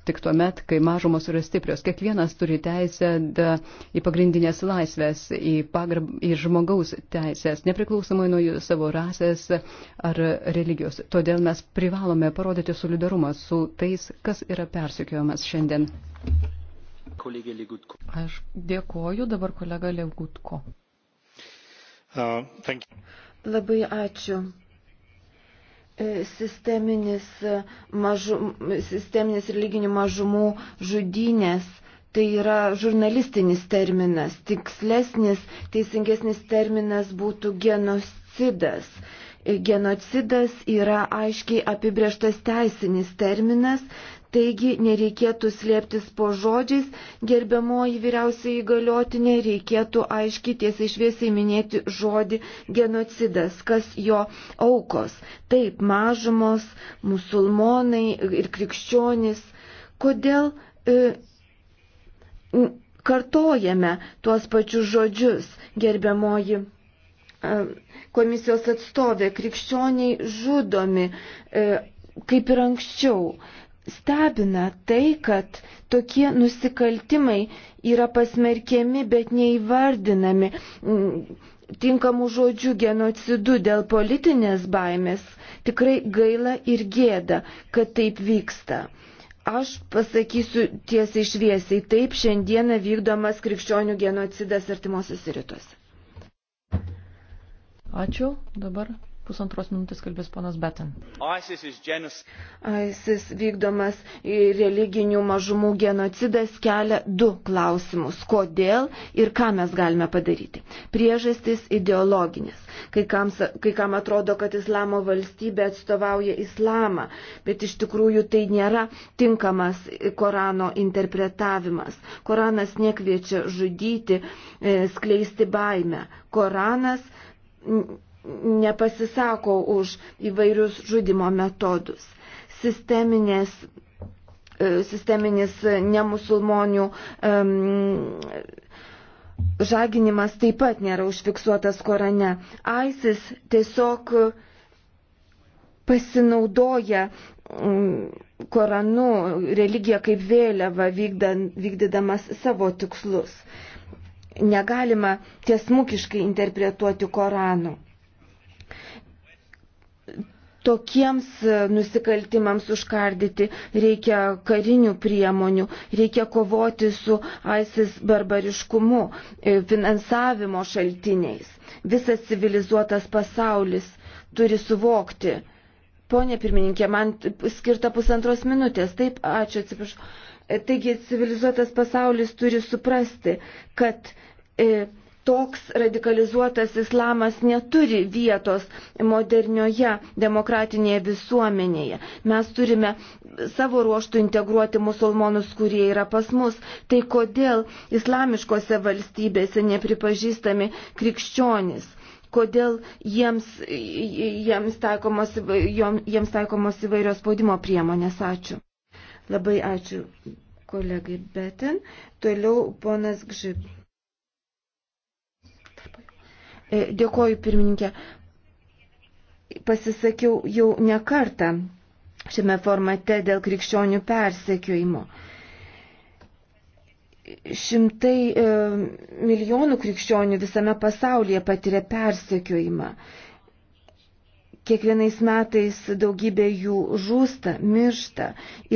tik tuo met, kai mažumos yra stiprios. Kiekvienas turi teisę da, į pagrindinės laisvės, į, pagrab, į žmogaus teisės, nepriklausomai nuo savo rasės ar religijos. Todėl mes privalome parodyti solidarumą su tais, kas yra persikiojamas šiandien. Aš dėkoju dabar kolega Legutko. Uh, Labai ačiū. E, sisteminis, e, mažu, sisteminis religinių mažumų žudynės. Tai yra žurnalistinis terminas. Tikslesnis, teisingesnis terminas būtų genocidas. Genocidas yra aiškiai apibrieštas teisinis terminas, Taigi nereikėtų slėptis po žodžiais, gerbiamoji vyriausiai įgaliotinė, reikėtų aiškiai tiesiai šviesiai minėti žodį genocidas, kas jo aukos. Taip, mažumos, musulmonai ir krikščionis. Kodėl e, kartojame tuos pačius žodžius, gerbiamoji komisijos atstovė, krikščioniai žudomi e, kaip ir anksčiau. Stebina tai, kad tokie nusikaltimai yra pasmerkiami, bet neįvardinami tinkamų žodžių genocidu dėl politinės baimės. Tikrai gaila ir gėda, kad taip vyksta. Aš pasakysiu tiesiai šviesiai, taip šiandieną vykdomas krikščionių genocidas artimuosius rytuose. Ačiū. Dabar pusantros minutės kalbės ponas Betin. ISIS vykdomas religinių mažumų genocidas kelia du klausimus. Kodėl ir ką mes galime padaryti? Priežastis ideologinės. Kai, kam, kai kam atrodo, kad islamo valstybė atstovauja islamą, bet iš tikrųjų tai nėra tinkamas Korano interpretavimas. Koranas nekviečia žudyti, e, skleisti baimę. Koranas nepasisako už įvairius žudimo metodus. Sisteminės, e, sisteminis nemusulmonių um, žaginimas taip pat nėra užfiksuotas Korane. ISIS tiesiog pasinaudoja Koranu religiją kaip vėliavą vykdan, vykdydamas savo tikslus negalima tiesmukiškai interpretuoti Korano. Tokiems e, nusikaltimams užkardyti reikia karinių priemonių, reikia kovoti su ISIS barbariškumu, e, finansavimo šaltiniais. Visas civilizuotas pasaulis turi suvokti. Pone pirmininkė, man skirta pusantros minutės. Taip, ačiū, atsiprašau. Taigi civilizuotas pasaulis turi suprasti, kad e, toks radikalizuotas islamas neturi vietos modernioje demokratinėje visuomenėje. Mes turime savo ruoštų integruoti musulmonus, kurie yra pas mus. Tai kodėl islamiškose valstybėse nepripažįstami krikščionys? Kodėl jiems, jiems, taikomos, jiems taikomos įvairios spaudimo priemonės? Ačiū. Labai ačiū kolegai Betin. Toliau ponas Gžib. E, dėkoju, pirmininkė. Pasisakiau jau ne kartą šiame formate dėl krikščionių persekiojimo. Šimtai e, milijonų krikščionių visame pasaulyje patiria persekiojimą. E, Kiekvienais metais daugybė jų žūsta, miršta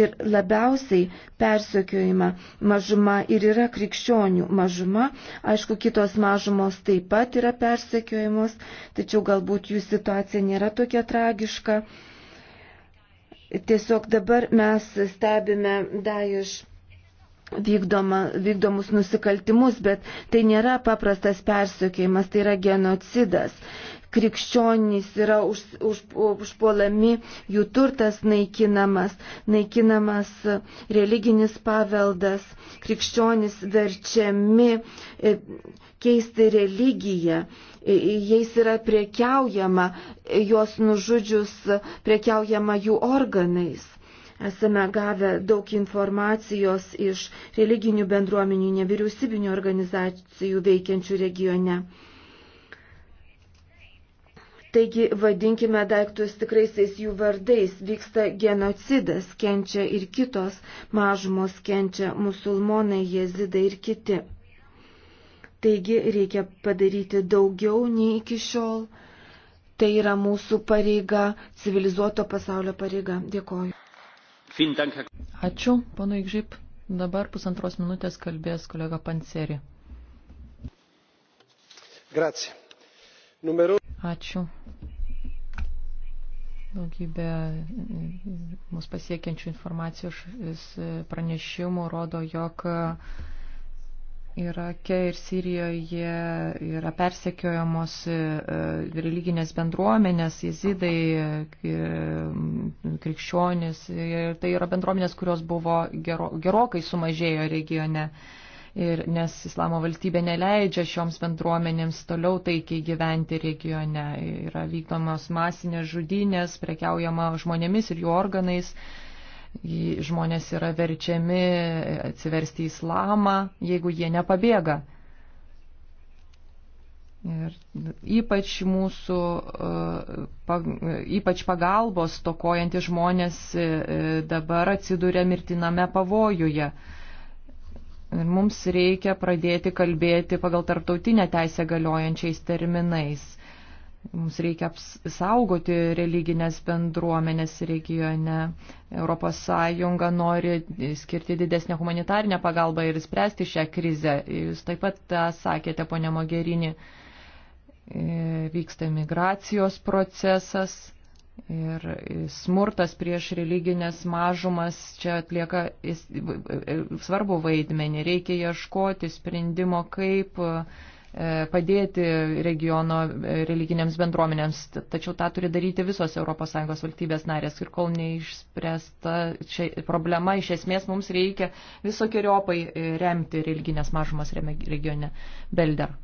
ir labiausiai persekiojama mažuma ir yra krikščionių mažuma. Aišku, kitos mažumos taip pat yra persekiojamos, tačiau galbūt jų situacija nėra tokia tragiška. Tiesiog dabar mes stebime Daiš vykdoma, vykdomus nusikaltimus, bet tai nėra paprastas persiekėjimas, tai yra genocidas krikščionys yra už, už, užpuolami, jų turtas naikinamas, naikinamas religinis paveldas, krikščionys verčiami e, keisti religiją, e, jais yra priekiaujama, e, juos nužudžius priekiaujama jų organais. Esame gavę daug informacijos iš religinių bendruomenių, nevyriausybinių organizacijų veikiančių regione. Taigi vadinkime daiktus tikraisiais jų vardais. Vyksta genocidas, kenčia ir kitos mažumos, kenčia musulmonai, jezidai ir kiti. Taigi reikia padaryti daugiau nei iki šiol. Tai yra mūsų pareiga, civilizuoto pasaulio pareiga. Dėkoju. Ačiū, ponui Gžip. Dabar pusantros minutės kalbės kolega Panseri. Grazie. Numero... Ačiū. Daugybė mm, mus pasiekiančių informacijos pranešimų rodo, jog Irake ir Sirijoje yra persekiojamos e, religinės bendruomenės, jezidai, e, krikščionis. Ir tai yra bendruomenės, kurios buvo gero, gerokai sumažėjo regione ir nes Islamo valstybė neleidžia šioms bendruomenėms toliau taikiai gyventi regione. Yra vykdomos masinės žudynės, prekiaujama žmonėmis ir jų organais, žmonės yra verčiami atsiversti į islamą, jeigu jie nepabėga. Ir ypač mūsų, e, ypač pagalbos tokojantis žmonės e, dabar atsiduria mirtiname pavojuje. Ir mums reikia pradėti kalbėti pagal tarptautinę teisę galiojančiais terminais. Mums reikia apsaugoti religinės bendruomenės regione. ES nori skirti didesnę humanitarinę pagalbą ir spręsti šią krizę. Jūs taip pat tą sakėte, ponė Mogerini. E, vyksta migracijos procesas Ir smurtas prieš religinės mažumas čia atlieka e, svarbu vaidmenį. Reikia ieškoti sprendimo, kaip e, padėti regiono e, religinėms bendruomenėms. Tačiau tą turi daryti visos ES valstybės narės. Ir kol neišspręsta čia problema, iš esmės mums reikia visokiojopai remti religinės mažumas regione. Belder.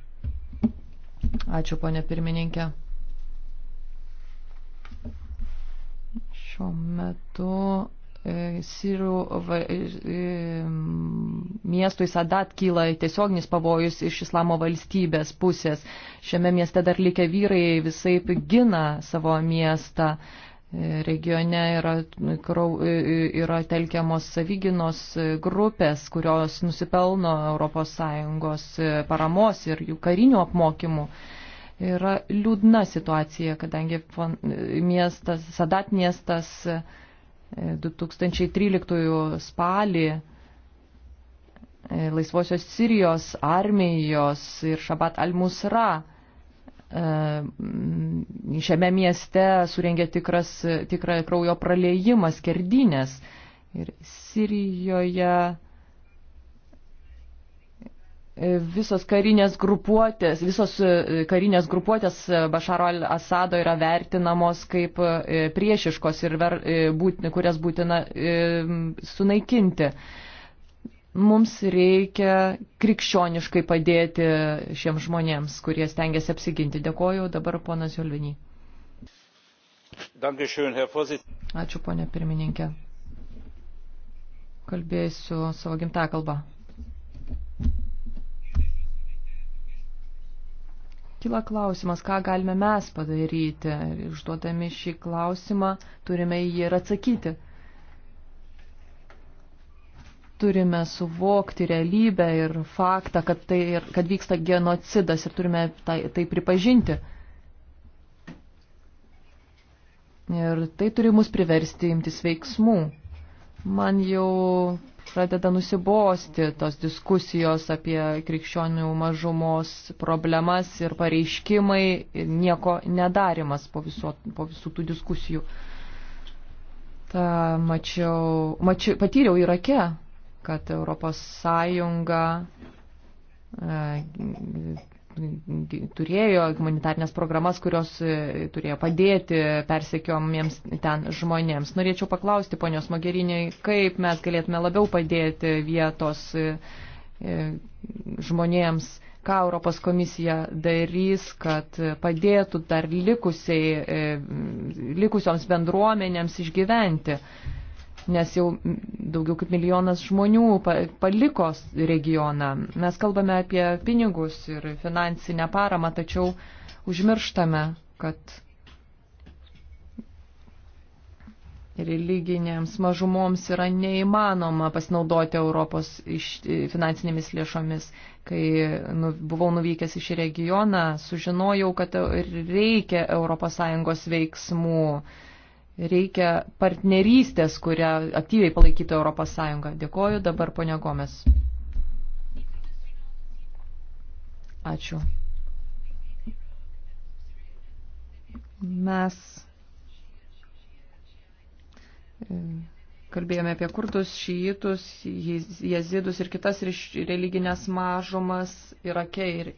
Ačiū, ponė pirmininkė. Šiuo metu e, Sirų va, e, e, miestui Sadat kyla tiesioginis pavojus iš islamo valstybės pusės. Šiame mieste dar likę vyrai visai gina savo miestą. Regione yra, yra telkiamos savyginos grupės, kurios nusipelno ES paramos ir jų karinių apmokymų yra liūdna situacija, kadangi miestas, Sadat miestas 2013 e, spalį e, Laisvosios Sirijos armijos ir Šabat al-Musra e, šiame mieste surengė tikras, tikrą kraujo praleimą skerdinės. Ir Sirijoje E, visos karinės grupuotės, visos e, karinės grupuotės e, Bašaro al-Asado yra vertinamos kaip priešiškos ir ver, būtini, kurias būtina sunaikinti. Mums reikia krikščioniškai padėti šiems žmonėms, kurie stengiasi apsiginti. Dėkoju dabar ponas Jolvinį. Ačiū, ponė pirmininkė. Kalbėsiu savo gimtą kalbą. Kila klausimas, ką galime mes padaryti. Ir užduodami šį klausimą turime jį ir atsakyti. Turime suvokti realybę ir faktą, kad, tai, kad vyksta genocidas ir turime tai, tai pripažinti. Ir tai turi mus priversti imtis veiksmų. Man jau pradeda nusibosti tos diskusijos apie krikščionių mažumos problemas ir pareiškimai ir nieko nedarimas po, viso, po visų tų diskusijų. Ta, mačiau, mačiau, patyriau Irake, kad Europos Sąjunga e, turėjo humanitarnės programas, kurios e, turėjo padėti persekiomiems ten žmonėms. Norėčiau paklausti, ponios Mogheriniai, kaip mes galėtume labiau padėti vietos e, e, žmonėms, ką Europos komisija darys, kad padėtų dar likusiai, likusioms bendruomenėms išgyventi nes jau daugiau kaip milijonas žmonių paliko regioną. Mes kalbame apie pinigus ir finansinę paramą, tačiau užmirštame, kad religinėms mažumoms yra neįmanoma pasinaudoti Europos iš, e, finansinėmis lėšomis. Kai nu, buvau nuvykęs į šį regioną, sužinojau, kad reikia ES veiksmų reikia partnerystės, kurią aktyviai palaikytų Europos Sąjunga. Dėkoju dabar ponia Gomes. Ačiū. Mes e, kalbėjome apie kurdus, šyitus, jezidus ir kitas religinės mažumas Irake ir,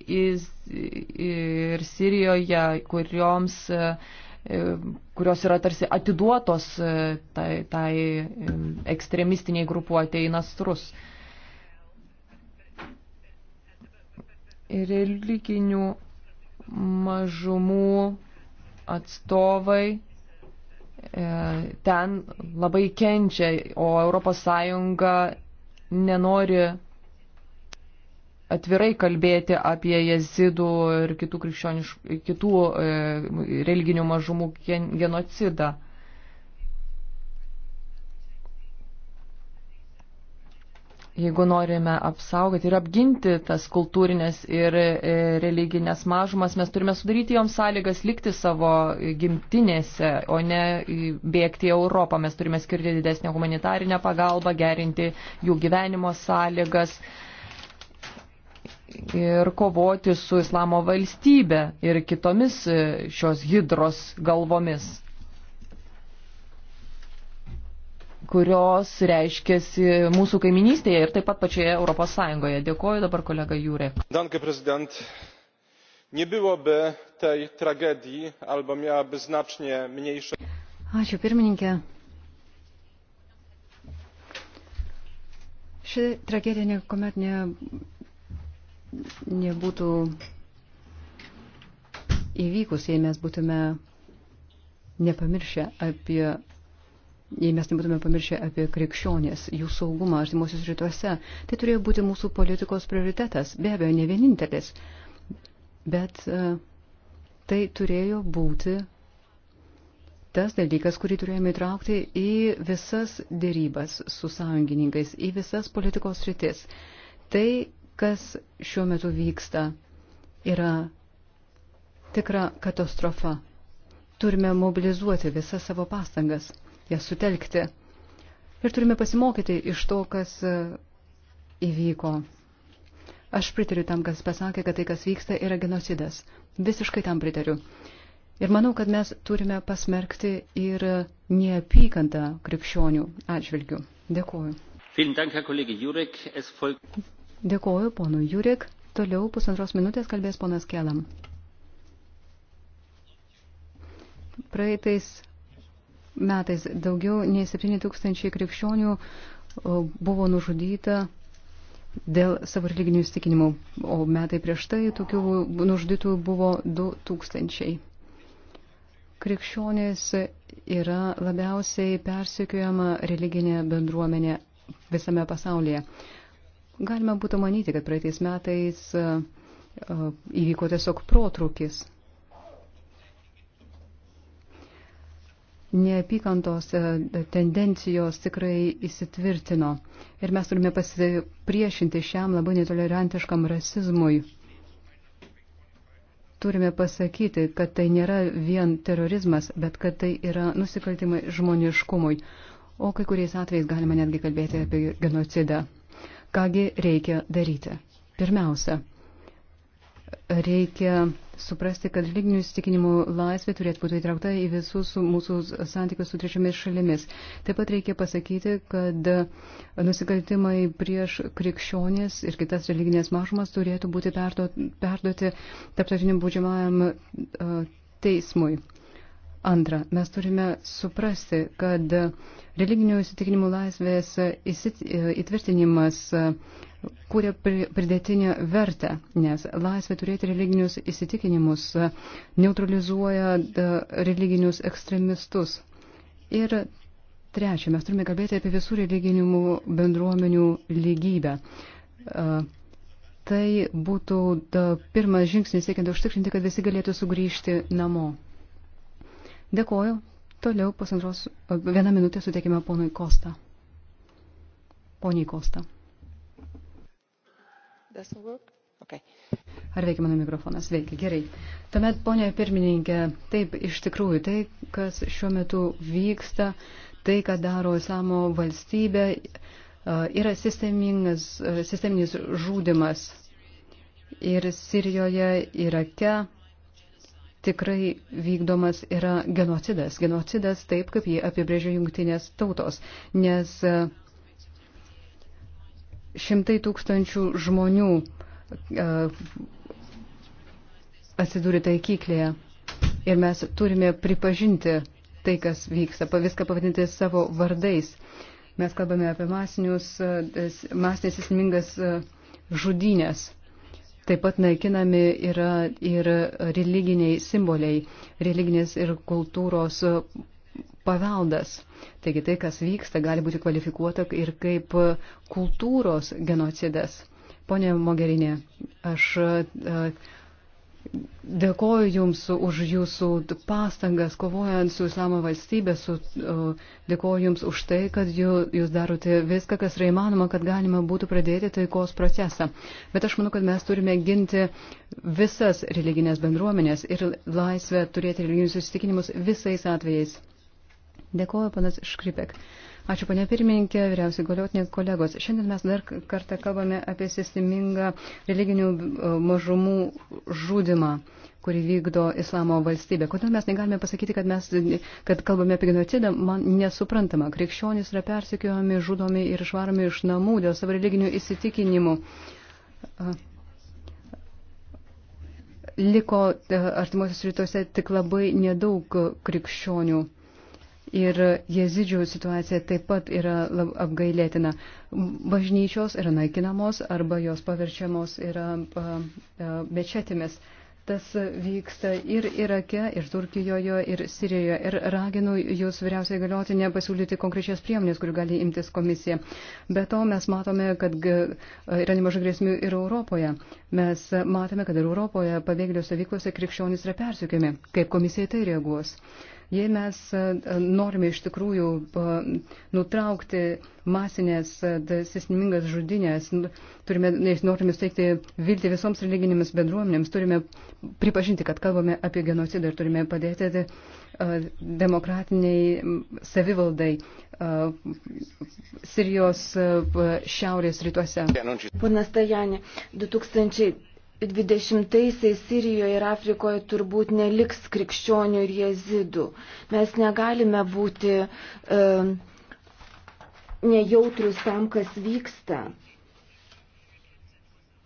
ir Sirijoje, kurioms uh, E, kurios yra tarsi atiduotos e, tai, tai e, ekstremistiniai grupuotėjai nastrus. Religinių mažumų atstovai ten labai kenčia, o ES nenori atvirai kalbėti apie jezidų ir kitų, kitų e, religinių mažumų genocidą. Jeigu norime apsaugoti ir apginti tas kultūrinės ir e, religinės mažumas, mes turime sudaryti joms sąlygas likti savo gimtinėse, o ne bėgti į Europą. Mes turime skirti didesnę humanitarinę pagalbą, gerinti jų gyvenimo sąlygas. E, ir kovoti su islamo valstybe ir kitomis e, šios hidros galvomis, kurios reiškėsi mūsų kaiminystėje ir taip pat pačioje Europos Sąjungoje. Dėkuoju dabar kolega Jūrė. Danke, prezident. Nie byłoby tej tragedii albo miałaby znacznie mniejsze. Ačiū pirmininkė. Ši tragedija niekuomet ne, nebūtų įvykus, jei mes būtume nepamiršę apie, jei mes nebūtume pamiršę apie krikščionės, jų saugumą artimuosius rytuose. Tai turėjo būti mūsų politikos prioritetas, be abejo, ne vienintelis, bet e, tai turėjo būti tas dalykas, kurį turėjome įtraukti į visas dėrybas su sąjungininkais, į visas politikos rytis. Tai kas šiuo metu vyksta, yra tikra katastrofa. Turime mobilizuoti visas savo pastangas, jas sutelkti ir turime pasimokyti iš to, kas e, įvyko. Aš pritariu tam, kas pasakė, kad tai, kas vyksta, yra genocidas. Visiškai tam pritariu. Ir manau, kad mes turime pasmerkti ir neapykantą krikščionių atžvilgių. Dėkuoju. Dėkoju ponu Jurek. Toliau pusantros minutės kalbės ponas Kelam. Praeitais metais daugiau nei 7 tūkstančiai krikščionių buvo nužudyta dėl savo religinių įstikinimų, o metai prieš tai tokių nužudytų buvo 2 tūkstančiai. Krikščionės yra labiausiai persikiojama religinė bendruomenė visame pasaulyje. Galima būtų manyti, kad praeitais metais e, e, įvyko tiesiog protrukis. Neapykantos e, tendencijos tikrai įsitvirtino ir mes turime pasipriešinti šiam labai netolerantiškam rasizmui. Turime pasakyti, kad tai nėra vien terorizmas, bet kad tai yra nusikaltimai žmoniškumui, o kai kuriais atvejais galima netgi kalbėti apie genocidą. Kągi reikia daryti? Pirmiausia, reikia suprasti, kad religinių įsitikinimų laisvė turėtų būti įtraukta į visus mūsų santykius su trečiomis šalimis. Taip pat reikia pasakyti, kad nusikaltimai prieš krikščionės ir kitas religinės mažumas turėtų būti perduoti tarptautiniam būdžiamajam teismui. Antra, mes turime suprasti, kad religinių įsitikinimų laisvės įtvirtinimas e, kūrė pridėtinę vertę, nes laisvė turėti religinius įsitikinimus e, neutralizuoja e, religinius ekstremistus. Ir trečia, mes turime kalbėti apie visų religinių bendruomenių lygybę tai būtų pirmas žingsnis siekiant užtikrinti, kad visi galėtų sugrįžti namo. Dėkoju. Toliau pusantros vieną minutę suteikime ponui Kosta. Poniai Kosta. Okay. Ar veikia mano mikrofonas? Veikia, gerai. Tuomet, ponia pirmininkė, taip, iš tikrųjų, tai, kas šiuo metu vyksta, tai, ką daro islamo valstybė, yra sisteminis žūdimas ir Sirijoje, Irake tikrai vykdomas yra genocidas. Genocidas taip, kaip jį apibrėžia jungtinės tautos, nes e, šimtai tūkstančių žmonių e, atsidūrė taikyklėje ir mes turime pripažinti tai, kas vyksta, viską pavadinti savo vardais. Mes kalbame apie masinius, e, masinės įsmingas žudynės. Taip pat naikinami yra ir religiniai simboliai, religinės ir kultūros paveldas. Taigi tai, kas vyksta, gali būti kvalifikuota ir kaip kultūros genocidas. Pone Mogerinė, aš. Uh, Dėkoju Jums už Jūsų pastangas kovojant su Islamo valstybė. Su, dėkoju Jums už tai, kad Jūs darote viską, kas yra įmanoma, kad galima būtų pradėti taikos procesą. Bet aš manau, kad mes turime ginti visas religinės bendruomenės ir laisvę turėti religinius įsitikinimus visais atvejais. Dėkoju, panas Škripek. Uh, Ačiū, ponė pirmininkė, vyriausiai galiotinė kolegos. Šiandien mes dar kartą kalbame apie sistemingą religinių e, mažumų žudimą kurį vykdo islamo valstybė. Kodėl mes negalime pasakyti, kad mes, kad kalbame apie genocidą, man nesuprantama. Krikščionys yra persikiojami, žudomi ir išvaromi iš namų dėl savo religinių įsitikinimų. E, liko e, artimuosius rytuose tik labai nedaug krikščionių. Ir jezidžių situacija taip pat yra apgailėtina. Bažnyčios yra naikinamos arba jos paverčiamos yra e, mečetėmis. Tas vyksta ir Irake, ir Turkijoje, ir Sirijoje. Ir raginu jūs vyriausiai galiotinę pasiūlyti konkrečias priemonės, kurių gali imtis komisija. Be to mes matome, kad e, yra nemažai grėsmių ir Europoje. Mes matome, kad ir Europoje pabėgėlių stovyklose krikščionys yra persiūkiami. Kaip komisija tai reaguos? Uh, Jei mes e, norime iš tikrųjų e, nutraukti masinės e, sistemingas žudinės, turime, norime steigti viltį visoms religinėmis bendruomenėms, turime pripažinti, kad kalbame apie genocidą ir turime padėti demokratiniai savivaldai Sirijos šiaurės rytuose. Ponas Tajani, 2000. 20-aisiais Sirijoje ir Afrikoje turbūt neliks krikščionių ir jezidų. Mes negalime būti e, nejautrus tam, kas vyksta.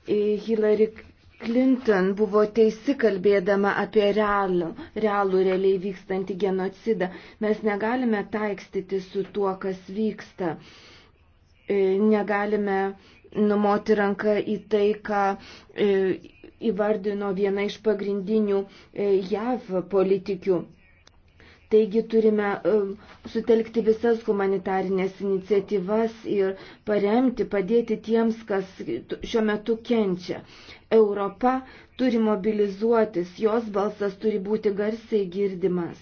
E, Hillary Clinton buvo teisi kalbėdama apie realų, realų realiai vykstantį genocidą. Mes negalime taikstyti su tuo, kas vyksta. E, negalime numoti ranką į tai, ką e, įvardino viena iš pagrindinių e, JAV politikių. Taigi turime e, sutelkti visas humanitarinės iniciatyvas ir paremti, padėti tiems, kas šiuo metu kenčia. Europa turi mobilizuotis, jos balsas turi būti garsiai girdimas.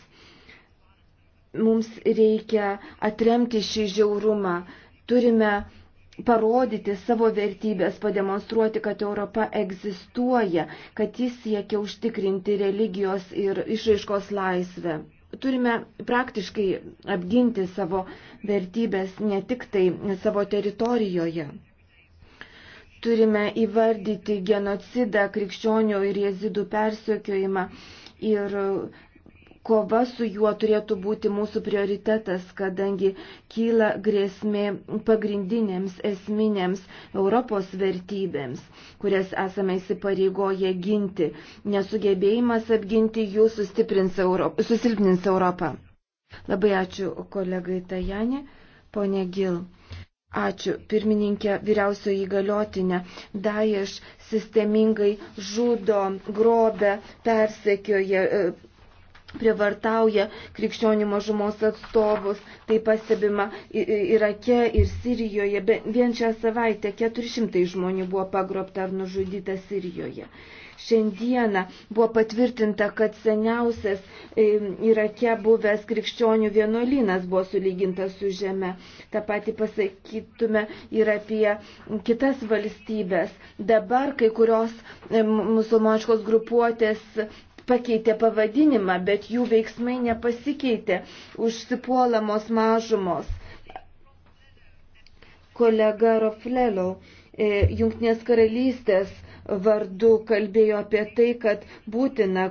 Mums reikia atremti šį žiaurumą, turime parodyti savo vertybės, pademonstruoti, kad Europa egzistuoja, kad jis siekia užtikrinti religijos ir išraiškos laisvę. Turime praktiškai apginti savo vertybės ne tik tai savo teritorijoje. Turime įvardyti genocidą, krikščionių ir jezidų persiokiojimą ir kova su juo turėtų būti mūsų prioritetas, kadangi kyla grėsmė pagrindinėms esminėms Europos vertybėms, kurias esame įsipareigoję ginti. Nesugebėjimas apginti jų Europą, susilpnins Europą. Labai ačiū kolegai Tajani, ponė Gil. Ačiū, pirmininkė vyriausioji įgaliotinė. Daesh sistemingai žudo, grobę, persekioja e, prievartauja krikščionių mažumos atstovus, tai pastebima Irake ir Sirijoje. Vien šią savaitę 400 žmonių buvo pagrobta ar nužudyta Sirijoje. Šiandieną buvo patvirtinta, kad seniausias e, Irake buvęs krikščionių vienuolynas buvo sulygintas su žeme. Ta pati pasakytume ir apie kitas valstybės. Dabar kai kurios e, musulmoniškos grupuotės pakeitė pavadinimą, bet jų veiksmai nepasikeitė, užsipuolamos mažumos. Kolega Roflelo, e, Junktinės karalystės vardu kalbėjo apie tai, kad būtina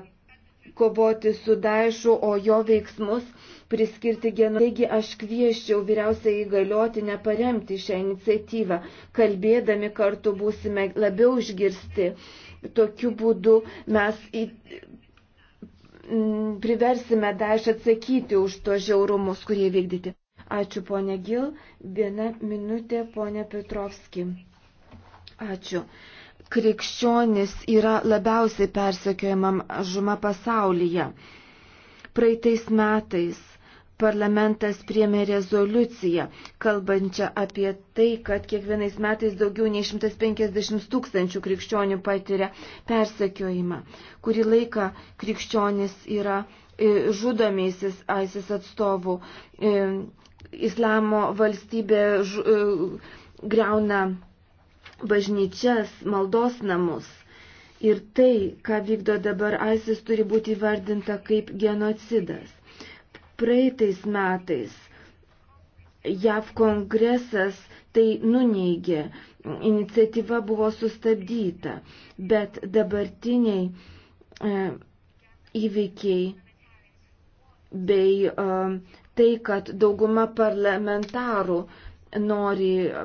kovoti su Daišu, o jo veiksmus priskirti genų. Taigi aš kvieščiau vyriausiai įgaliotinę paremti šią iniciatyvą. Kalbėdami kartu būsime labiau išgirsti. Tokiu būdu mes į, Mm, priversime Daesh atsakyti už to žiaurumus, kurie vykdyti. Ačiū, ponė Gil. Viena minutė, ponė Petrovski. Ačiū. Krikščionis yra labiausiai persekiojama žuma pasaulyje. Praeitais metais parlamentas priemė rezoliuciją, kalbančią apie tai, kad kiekvienais metais daugiau nei 150 tūkstančių krikščionių patiria persekiojimą. Kurį laiką krikščionis yra e, žudomysis ISIS atstovų. E, islamo valstybė ž, e, greuna bažnyčias, maldos namus. Ir tai, ką vykdo dabar ISIS, turi būti įvardinta kaip genocidas. Praeitais metais JAV kongresas tai nuneigė, iniciatyva buvo sustabdyta, bet dabartiniai e, įvykiai bei e, tai, kad dauguma parlamentarų nori e,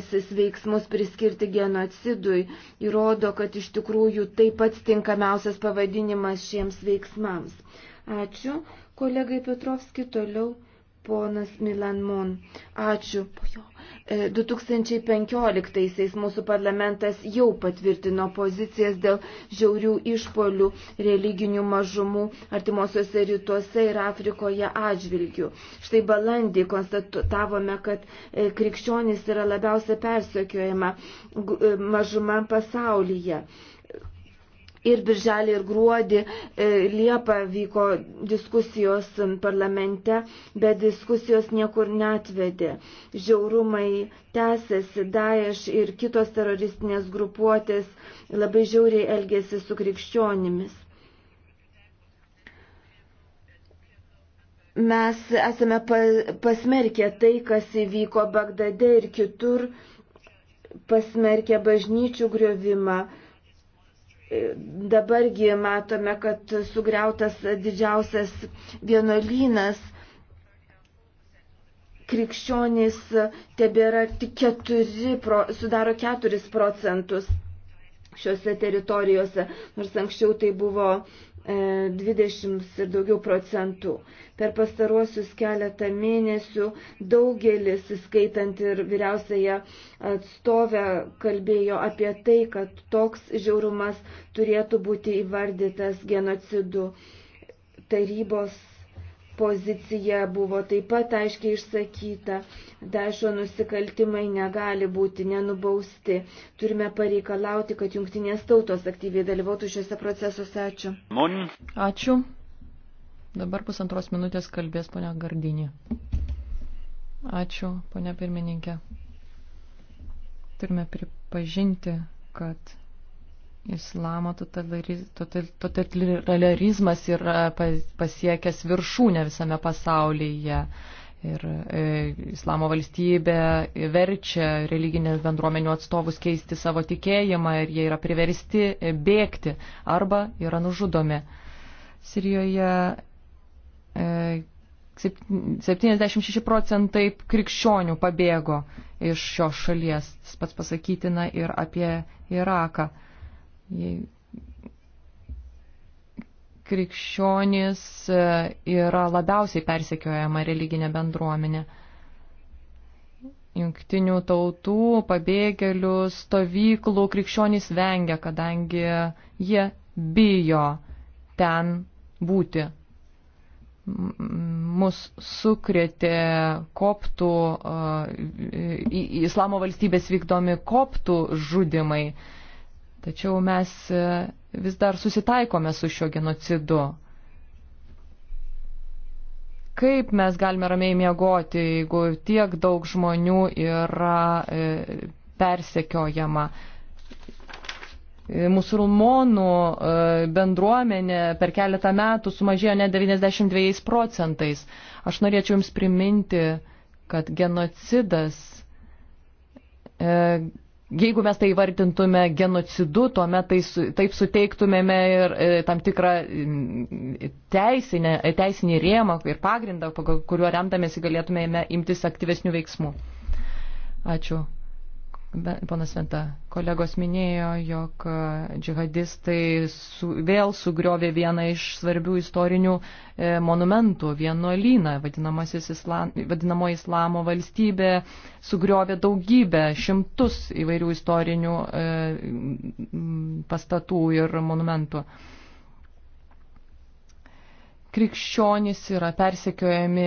ISIS veiksmus priskirti genocidui, įrodo, kad iš tikrųjų tai pats tinkamiausias pavadinimas šiems veiksmams. Ačiū kolegai Petrovski, toliau ponas Milan Mon. Ačiū. 2015-aisiais e, mūsų parlamentas jau patvirtino pozicijas dėl žiaurių išpolių religinių mažumų artimuosiuose rytuose ir Afrikoje atžvilgių. Štai balandį konstatavome, kad e, krikščionys yra labiausia persekiojama e, mažuma pasaulyje. Ir birželį, ir gruodį, e, Liepa vyko diskusijos parlamente, bet diskusijos niekur netvedė. Žiaurumai tęsiasi, Daesh ir kitos teroristinės grupuotės labai žiauriai elgėsi su krikščionimis. Mes esame pasmerkę tai, kas įvyko Bagdade ir kitur, pasmerkę bažnyčių griovimą Dabargi matome, kad sugriautas didžiausias vienolynas krikščionys tebėra tik keturi, sudaro 4 procentus šiuose teritorijuose, nors anksčiau tai buvo 20 e, ir daugiau procentų. Per pastaruosius keletą mėnesių daugelis, skaitant ir vyriausiąją atstovę, kalbėjo apie tai, kad toks žiaurumas turėtų būti įvardytas genocidu. Tarybos pozicija buvo taip pat aiškiai išsakyta. Daešo nusikaltimai negali būti nenubausti. Turime pareikalauti, kad jungtinės tautos aktyviai dalyvautų šiuose procesuose. Ačiū. Mon. Ačiū. Dabar pusantros minutės kalbės ponia Gardinė. Ačiū, ponia pirmininkė. Turime pripažinti, kad Islamo totalitarizmas yra pasiekęs viršūnę visame pasaulyje. Ir e, islamo valstybė verčia religinės bendruomenių atstovus keisti savo tikėjimą ir jie yra priversti e, bėgti arba yra nužudomi. Sirijoje e, 76 procentai krikščionių pabėgo iš šios šalies. Tas pats pasakytina ir apie Iraką. E, Jei krikščionys e, yra labiausiai persekiojama religinė bendruomenė. Jungtinių tautų, pabėgėlių, stovyklų krikščionys vengia, kadangi jie bijo ten būti. Mus sukrėtė koptų, e, islamo valstybės vykdomi koptų žudimai. Uh, Tačiau mes e, vis dar susitaikome su šio genocidu. Kaip mes galime ramiai miegoti, jeigu tiek daug žmonių yra e, persekiojama? musulmonų e, bendruomenė per keletą metų sumažėjo net 92 procentais. Aš norėčiau Jums priminti, kad genocidas Jeigu mes tai vardintume genocidu, tuomet tai, taip suteiktumėme ir e, tam tikrą mm, teisinę, teisinį rėmą ir pagrindą, kuriuo remdamėsi galėtumėme imtis aktyvesnių veiksmų. Ačiū. Ponas Venta, kolegos minėjo, jog e, džihadistai su, vėl sugriovė vieną iš svarbių istorinių e, monumentų, vienuolyną, islam, vadinamo islamo valstybė, sugriovė daugybę, šimtus įvairių istorinių e, pastatų ir monumentų. E, krikščionys yra persekiojami,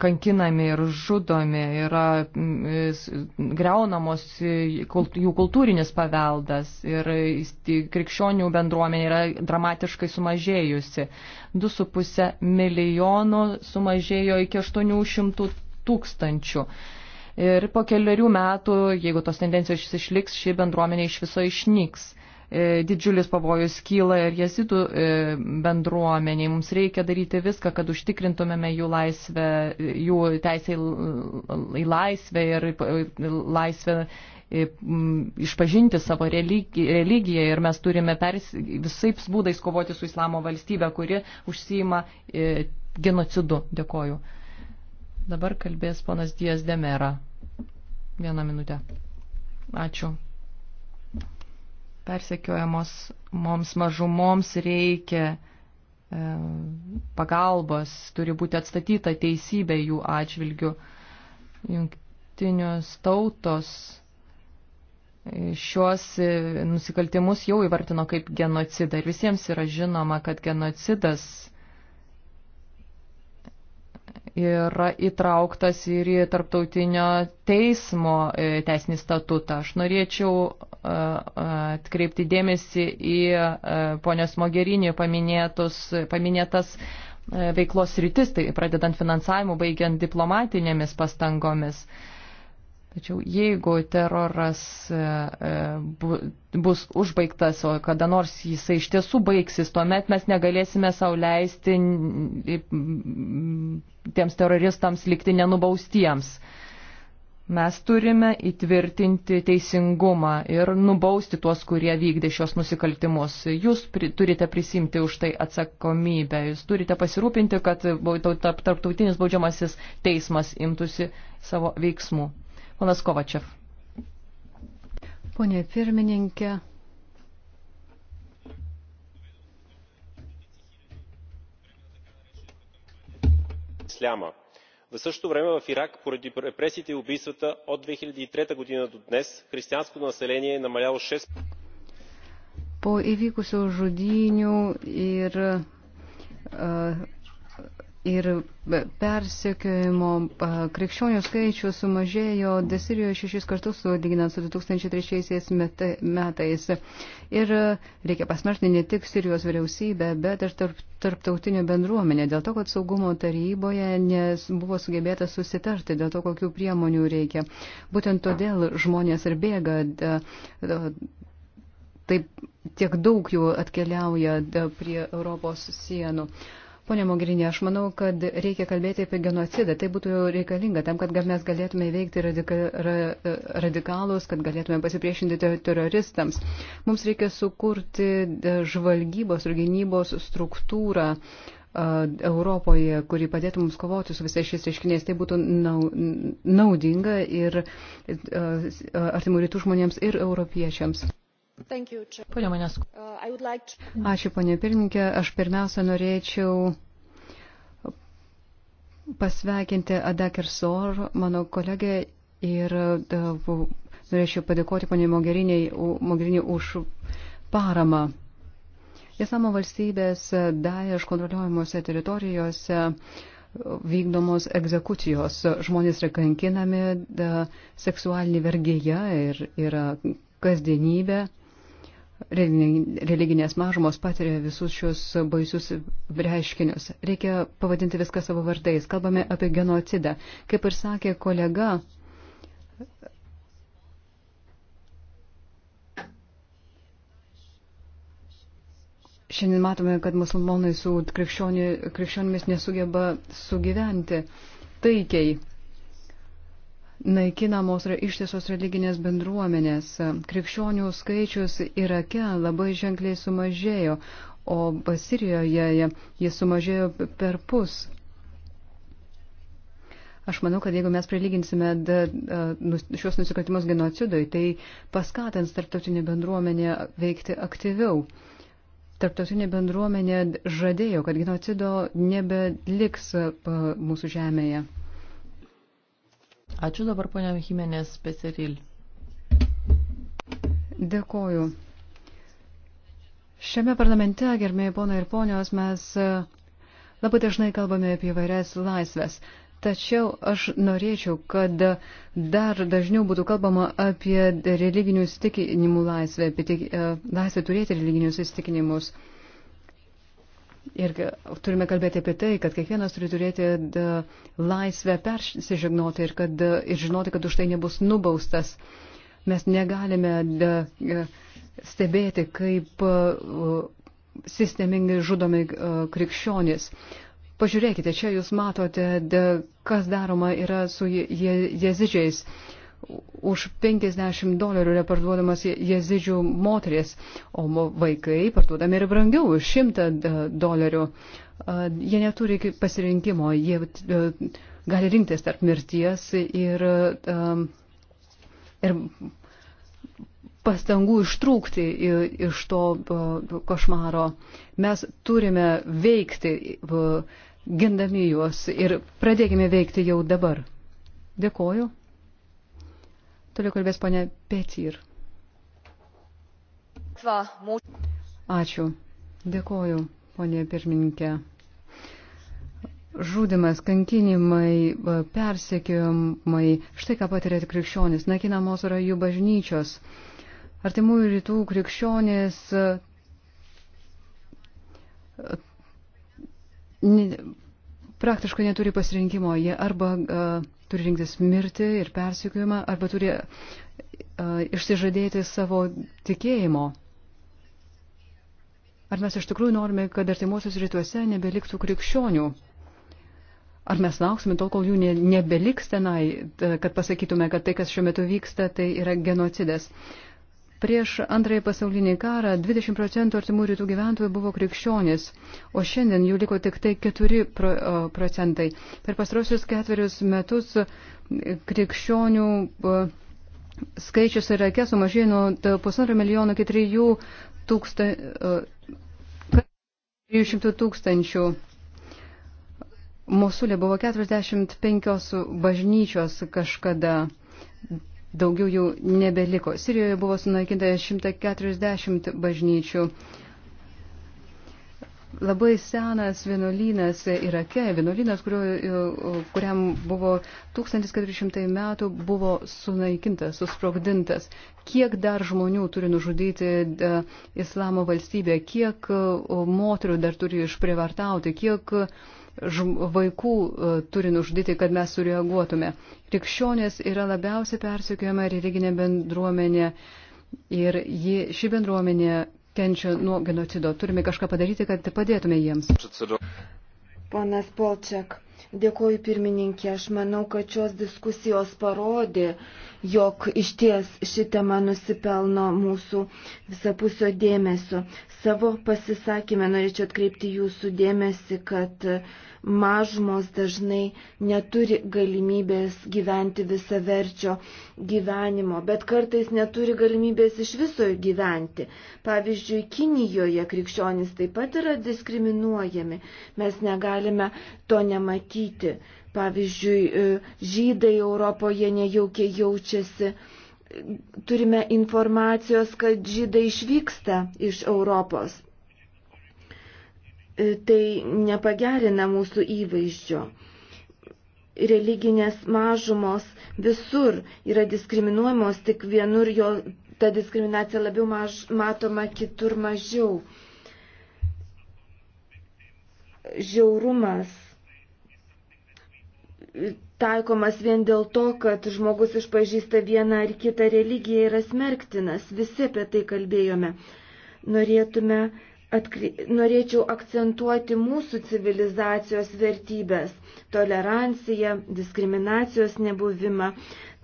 kankinami ir žudomi, yra mm, greunamos jų kultūrinis paveldas ir krikščionių bendruomenė yra dramatiškai sumažėjusi. 2,5 milijono sumažėjo iki 800 tūkstančių. Ir po keliarių metų, jeigu tos tendencijos išliks, ši bendruomenė iš viso išnyks. E, didžiulis pavojus kyla ir jezitų e, bendruomeniai. Mums reikia daryti viską, kad užtikrintumėme jų laisvę, jų teisę į laisvę ir laisvę e, išpažinti savo religiją ir mes turime pers, visais būdais kovoti su islamo valstybė, kuri užsijima genocidu. Dėkoju. Dabar kalbės ponas Dijas Demera. Vieną minutę. Ačiū. Persekiojamos mums mažumoms reikia e, pagalbos, turi būti atstatyta teisybė jų atžvilgių. Jungtinios tautos šios e, nusikaltimus jau įvartino kaip genocidą ir visiems yra žinoma, kad genocidas yra įtrauktas ir į tarptautinio teismo e, teisinį statutą. Aš norėčiau e, e, atkreipti dėmesį į ponios Mogerinį paminėtas veiklos rytis, tai pradedant finansavimu, baigiant diplomatinėmis pastangomis. Tačiau jeigu teroras e, e, bus užbaigtas, o kada nors jisai iš tiesų baigsis, tuomet mes negalėsime sauliaisti tiems teroristams likti nenubaustiems. Mes turime įtvirtinti teisingumą ir nubausti tuos, kurie vykdė šios nusikaltimus. Jūs pri, turite prisimti už tai atsakomybę. Jūs turite pasirūpinti, kad tarptautinis baudžiamasis teismas imtųsi savo veiksmų. Ponas Kovačev. Pone pirmininkė. Исляма. В същото време в Ирак, поради репресиите и убийствата от 2003 година до днес, християнското население е намаляло 6 po įvykusių žudynių ir uh, ir persekiojimo krikščionių skaičių sumažėjo Desirijoje šešis kartus, lyginant su 2003 metais. Ir reikia pasmerkti ne tik Sirijos vyriausybę, bet ir tarp, tarptautinę bendruomenę, dėl to, kad saugumo taryboje nes buvo sugebėta susitarti, dėl to, kokių priemonių reikia. Būtent todėl žmonės ir bėga. Taip tiek daug jų atkeliauja prie Europos sienų. Uh, Pone Mogrinė, aš manau, kad reikia kalbėti apie genocidą. Tai būtų reikalinga tam, kad mes galėtume veikti radika, ra, radikalus, kad galėtume pasipriešinti teroristams. Mums reikia sukurti e, žvalgybos ir gynybos struktūrą. E, Europoje, kuri padėtų mums kovoti su visais šiais reiškiniais, tai būtų naudinga ir e, artimų rytų žmonėms ir europiečiams. Pone Manės. Uh, Ačiū, ponė pirmininkė. Aš pirmiausia norėčiau pasveikinti Adekirsor, mano kolegė, ir uh, norėčiau padėkoti ponė Mogerinė už paramą. Islamo valstybės uh, Daesh kontroliuojamuose teritorijose vykdomos egzekucijos. Žmonės yra kankinami, da, seksualinė vergėja ir yra kasdienybė religinės mažumos patiria visus šios baisius reiškinius. Reikia pavadinti viską savo vardais. Kalbame apie genocidą. Kaip ir sakė kolega, šiandien matome, kad musulmonai su krikščionimis nesugeba sugyventi taikiai naikinamos yra ištisos religinės bendruomenės. Krikščionių skaičius Irake labai ženkliai sumažėjo, o Basirijoje jis sumažėjo per pus. Aš manau, kad jeigu mes prilyginsime nu, šios nusikaltimus genocidui, tai paskatins tarptautinė bendruomenė veikti aktyviau. Tarptautinė bendruomenė žadėjo, kad genocido nebeliks mūsų žemėje. Ačiū dabar ponia Jimenės Peseril. Dėkoju. Šiame parlamente, gerbėjai ponai ir ponios, mes e, labai dažnai kalbame apie vairias laisvės. Tačiau aš norėčiau, kad dar dažniau būtų kalbama apie religinių įsitikinimų laisvę, apie e, laisvę turėti religinius įsitikinimus. Uh, Ir turime kalbėti apie tai, kad kiekvienas turi turėti laisvę persižegnoti ir, kad, ir žinoti, kad už tai nebus nubaustas. Mes negalime e, stebėti, kaip e, sistemingai žudomi e, krikščionis. Pažiūrėkite, čia jūs matote, kas daroma yra su jezidžiais. Je už 50 dolerių yra parduodamas jezidžių moteris, o vaikai parduodami ir brangiau už 100 e, dolerių. E, jie neturi pasirinkimo, jie e, gali rinktis tarp mirties ir, ir pastangų ištrūkti iš to košmaro. Mes turime veikti, gindami juos ir pradėkime veikti jau dabar. Dėkoju. Toliau kalbės ponė Petir. Ačiū. Dėkoju, ponė pirmininkė. Žudimas, kankinimai, e, persekiojimai, štai ką patiria krikščionis, nakinamos yra jų bažnyčios. Artimųjų rytų krikščionės e, praktiškai neturi pasirinkimo, jie arba uh, turi rinktis mirti ir persikiojimą, arba turi uh, išsižadėti savo tikėjimo. Ar mes iš tikrųjų norime, kad artimuosius rytuose nebeliktų krikščionių? Ar mes lauksime tol, kol jų ne, nebeliks tenai, e, kad pasakytume, kad tai, kas šiuo metu vyksta, tai yra genocidas? Uh, Prieš antrąjį pasaulinį karą 20 procentų artimų rytų gyventojų buvo krikščionis, o šiandien jų liko tik tai 4 procentai. Per pastarosius ketverius metus krikščionių skaičius Irake sumažėjo nuo pusantro milijono iki 3 300 tūkstančių. Mosulė buvo 45 bažnyčios kažkada daugiau jų nebeliko. Sirijoje buvo sunaikinta 140 bažnyčių. Labai senas vienuolynas Irake, vienuolynas, kurio, kuriam buvo 1400 metų, buvo sunaikintas, susprogdintas. Kiek dar žmonių turi nužudyti e, islamo valstybė, kiek e, moterų dar turi išprievartauti, kiek uh, vaikų e, turi nužudyti, kad mes sureaguotume. Krikščionės yra labiausiai persikiojama religinė bendruomenė ir ji, ši bendruomenė kenčia nuo genocido. Turime kažką padaryti, kad padėtume jiems. Ponas Polčiak, dėkoju pirmininkė, aš manau, kad šios diskusijos parodė, jog iš ties ši tema nusipelno mūsų visapusio dėmesio. Savo pasisakymę norėčiau atkreipti jūsų dėmesį, kad mažmos dažnai neturi galimybės gyventi visaverčio gyvenimo, bet kartais neturi galimybės iš viso gyventi. Pavyzdžiui, Kinijoje krikščionys taip pat yra diskriminuojami. Mes negalime to nematyti. Pavyzdžiui, e, žydai Europoje nejaukiai jaučiasi. Turime informacijos, kad žydai išvyksta iš Europos. E, tai nepagerina mūsų įvaizdžio religinės mažumos visur yra diskriminuojamos, tik vienur jo ta diskriminacija labiau maž, matoma, kitur mažiau. Žiaurumas taikomas vien dėl to, kad žmogus išpažįsta vieną ar kitą religiją yra smerktinas. Visi apie tai kalbėjome. Norėtume atkri... norėčiau akcentuoti mūsų civilizacijos vertybės - toleranciją, diskriminacijos nebuvimą,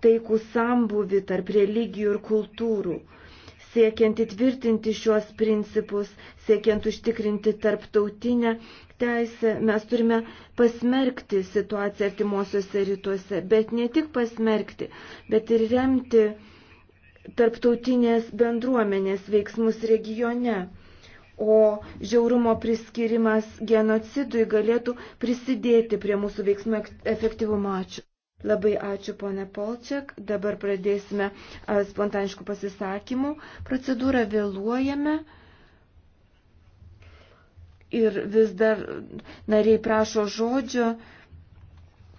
taikų sambuvi tarp religijų ir kultūrų. Siekiant įtvirtinti šiuos principus, siekiant užtikrinti tarptautinę teisę, mes turime pasmerkti situaciją artimuosiuose rytuose, bet ne tik pasmerkti, bet ir remti tarptautinės bendruomenės veiksmus regione. O žiaurumo priskirimas genocidui galėtų prisidėti prie mūsų veiksmų efektyvumo. Ačiū. Labai ačiū, ponė Polčiak. Dabar pradėsime spontaniškų pasisakymų. Procedūrą vėluojame ir vis dar nariai prašo žodžio.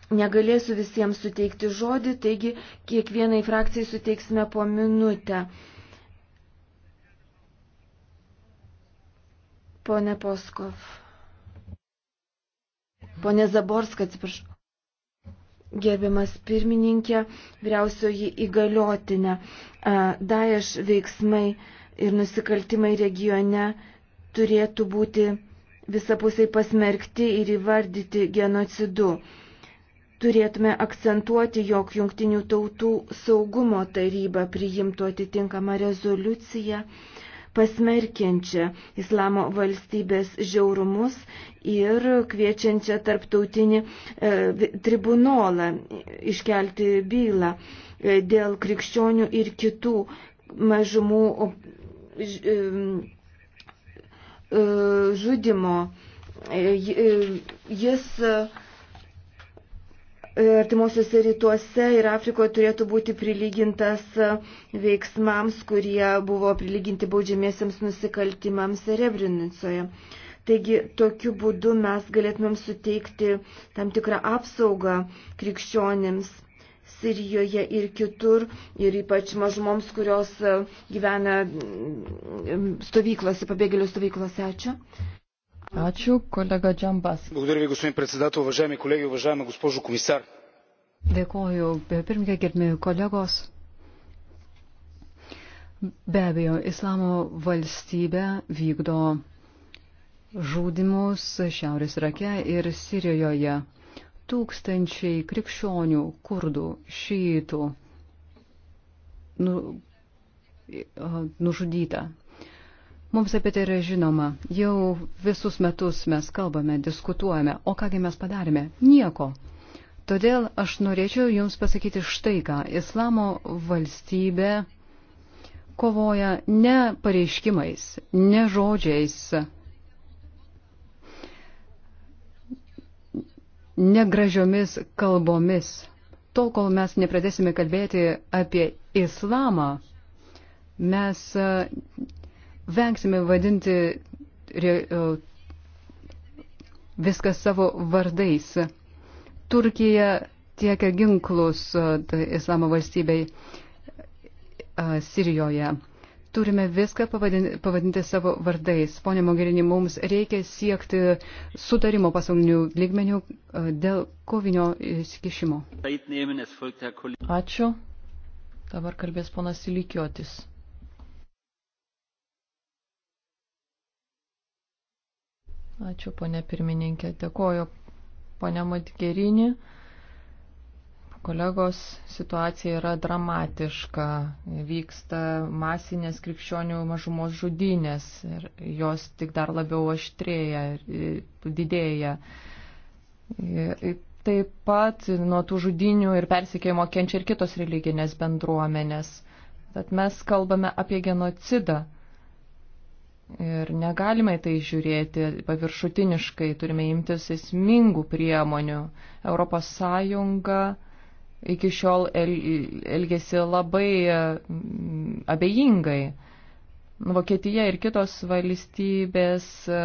Negalėsiu visiems suteikti žodį, taigi kiekvienai frakcijai suteiksime po minutę. Pone Poskov. Pone Zaborska, atsiprašau. Gerbiamas pirmininkė, vyriausioji įgaliotinė. Daesh veiksmai ir nusikaltimai regione turėtų būti visapusiai pasmerkti ir įvardyti genocidu. Turėtume akcentuoti, jog Junktinių tautų saugumo taryba priimtų atitinkamą rezoliuciją pasmerkiančią Islamo valstybės žiaurumus ir kviečiančią tarptautinį e, tribunolą iškelti bylą e, dėl krikščionių ir kitų mažumų. E, E, žudimo. E, e, jis artimuosiuose rytuose ir Afrikoje turėtų būti prilygintas veiksmams, kurie buvo prilyginti baudžiamiesiams nusikaltimams Rebrinicoje. Taigi tokiu būdu mes galėtumėm suteikti tam tikrą apsaugą krikščionėms Sirijoje ir kitur, ir ypač mažumoms, kurios e, gyvena stovyklose, pabėgėlių stovyklose. Ačiū. Ačiū, kolega Džambas. Благодаря ви, господин председател, уважаеми колеги, уважаема госпожо комисар. Dėkoju, pirmininkė, gerbėjai kolegos. Be abejo, Islamo valstybė vykdo žudimus Šiaurės Irake ir Sirijoje tūkstančiai krikščionių, kurdų, šytų nu, nužudyta. Mums apie tai yra žinoma. Jau visus metus mes kalbame, diskutuojame. O kągi mes padarėme? Nieko. Todėl aš norėčiau Jums pasakyti štai ką. Islamo valstybė kovoja ne pareiškimais, ne žodžiais, negražiomis kalbomis. Tol, kol mes nepradėsime kalbėti apie islamą, mes e, vengsime vadinti e, viskas savo vardais. Turkija tiekia ginklus e, tai islamo valstybei Sirijoje turime viską pavadinti, pavadinti savo vardais. Pone Mogherini, mums reikia siekti sutarimo pasaulinių lygmenių e, dėl kovinio įsikišimo. Ačiū. Dabar kalbės ponas Ilikiotis. Ačiū, ponė pirmininkė. Dėkoju, ponė Matgerinė. Kolegos, situacija yra dramatiška. Vyksta masinės krikščionių mažumos žudynės ir jos tik dar labiau aštrėja, didėja. Taip pat nuo tų žudinių ir persikėjimo kenčia ir kitos religinės bendruomenės. Tad mes kalbame apie genocidą. Ir negalime tai žiūrėti paviršutiniškai, turime imtis esmingų priemonių. Europos Sąjunga iki šiol el, elgėsi labai e, abejingai. Nu, Vokietija ir kitos valstybės e,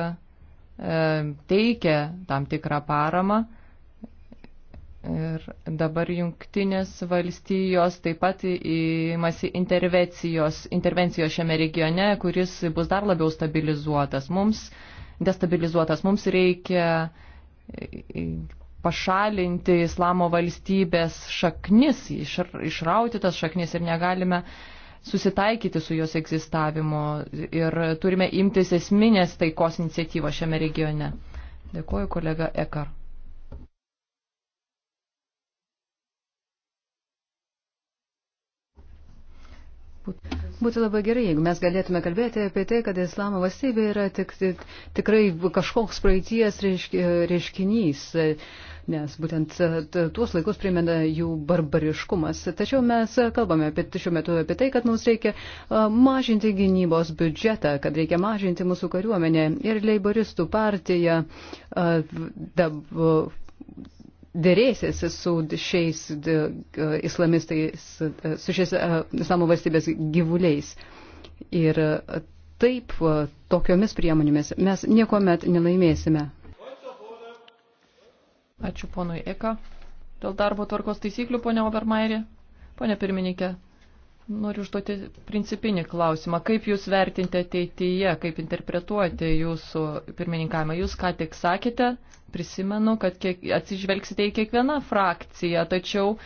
e, teikia tam tikrą paramą. Ir dabar jungtinės valstijos taip pat įmasi intervencijos, intervencijos šiame regione, kuris bus dar labiau stabilizuotas. Mums destabilizuotas. Mums reikia pašalinti islamo valstybės šaknis, išrauti tas šaknis ir negalime susitaikyti su jos egzistavimu ir turime imtis esminės taikos iniciatyvos šiame regione. Dėkuoju kolega Ekar. Būtų labai gerai, jeigu mes galėtume kalbėti apie tai, kad islamo valstybė yra tik, tik, tikrai kažkoks praeities reiškinys. Reišk, nes būtent e, tuos laikus primena jų barbariškumas. Tačiau mes kalbame apie, šiuo metu apie tai, kad mums reikia e, mažinti gynybos biudžetą, kad reikia mažinti mūsų kariuomenę ir leiboristų partija e, dab, dėrėsis su šiais islamistais, su šiais islamo valstybės gyvuliais. Ir taip tokiomis priemonėmis mes niekuomet nelaimėsime. Ačiū ponui Eka. Dėl darbo tvarkos taisyklių, ponia Obermairė. Pone pirmininkė, noriu užduoti principinį klausimą. Kaip jūs vertinti ateityje, kaip interpretuojate jūsų pirmininkavimą? Jūs ką tik sakėte, prisimenu, kad kiek, atsižvelgsite į kiekvieną frakciją, tačiau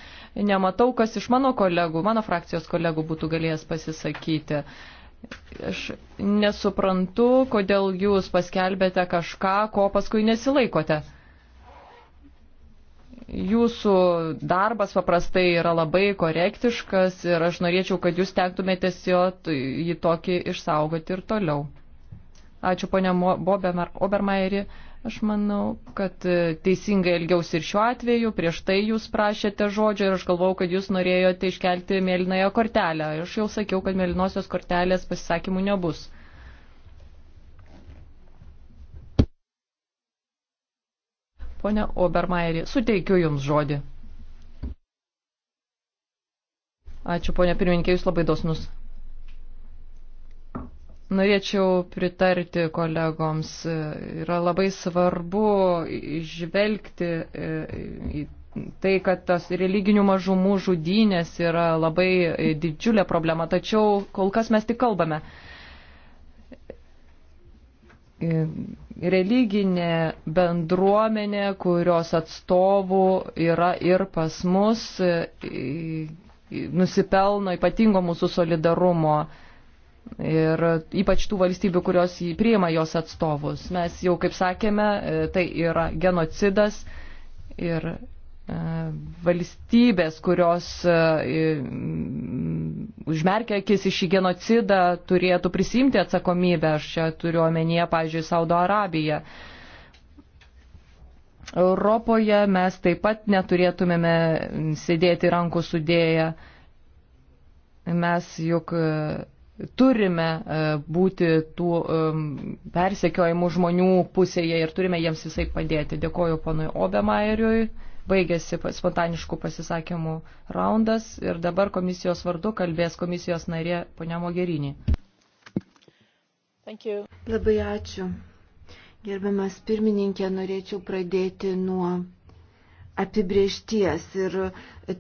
nematau, kas iš mano kolegų, mano frakcijos kolegų būtų galėjęs pasisakyti. Aš nesuprantu, kodėl jūs paskelbėte kažką, ko paskui nesilaikote jūsų darbas paprastai yra labai korektiškas ir aš norėčiau, kad jūs tenktumėtės jo jį tokį išsaugoti ir toliau. Ačiū ponia Obermairi. Aš manau, kad e, teisingai elgiausi ir šiuo atveju. Prieš tai jūs prašėte žodžio ir aš galvau, kad jūs norėjote iškelti mėlynąją kortelę. Aš jau sakiau, kad mėlynosios kortelės pasisakymų nebus. Pone Obermaierį, suteikiu Jums žodį. Ačiū, ponė pirmininkė, Jūs labai dosnus. Norėčiau pritarti kolegoms. Yra labai svarbu žvelgti e, į tai, kad tas religinių mažumų žudynės yra labai didžiulė problema, tačiau kol kas mes tik kalbame religinė bendruomenė, kurios atstovų yra ir pas mus, e, nusipelno ypatingo mūsų solidarumo. Ir ypač tų valstybių, kurios jį priima jos atstovus. Mes jau, kaip sakėme, e, tai yra genocidas ir E, valstybės, kurios e, užmerkia akis į šį genocidą, turėtų prisimti atsakomybę. Aš čia turiu omenyje, pavyzdžiui, Saudo Arabiją. Europoje mes taip pat neturėtumėme sėdėti rankų sudėję. Mes juk e, turime būti tų persekiojimų žmonių pusėje ir turime jiems visai padėti. Dėkoju ponui Obemairiui baigėsi spontaniškų pasisakymų raundas ir dabar komisijos vardu kalbės komisijos narė ponia Mogerinė. Labai ačiū. Gerbiamas pirmininkė, norėčiau pradėti nuo apibriešties ir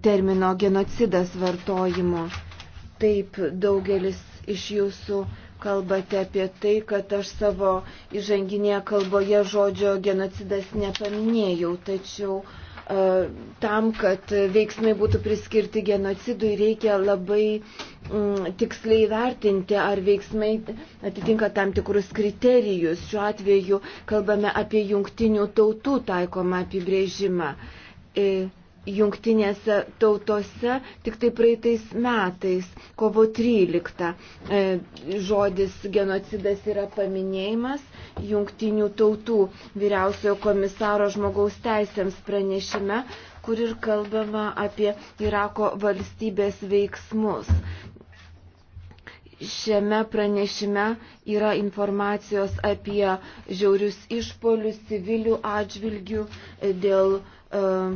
termino genocidas vartojimo. Taip daugelis iš jūsų kalbate apie tai, kad aš savo įžanginėje kalboje žodžio genocidas nepaminėjau, tačiau uh, E, tam, kad veiksmai būtų priskirti genocidui, reikia labai mm, tiksliai vertinti, ar veiksmai atitinka tam tikrus kriterijus. Šiuo atveju kalbame apie jungtinių tautų taikomą apibrėžimą. E, jungtinėse tautose tik tai praeitais metais, kovo 13, e, žodis genocidas yra paminėjimas jungtinių tautų vyriausiojo komisaro žmogaus teisėms pranešime, kur ir kalbama apie Irako valstybės veiksmus. Šiame pranešime yra informacijos apie žiaurius išpolius civilių atžvilgių e, dėl uh,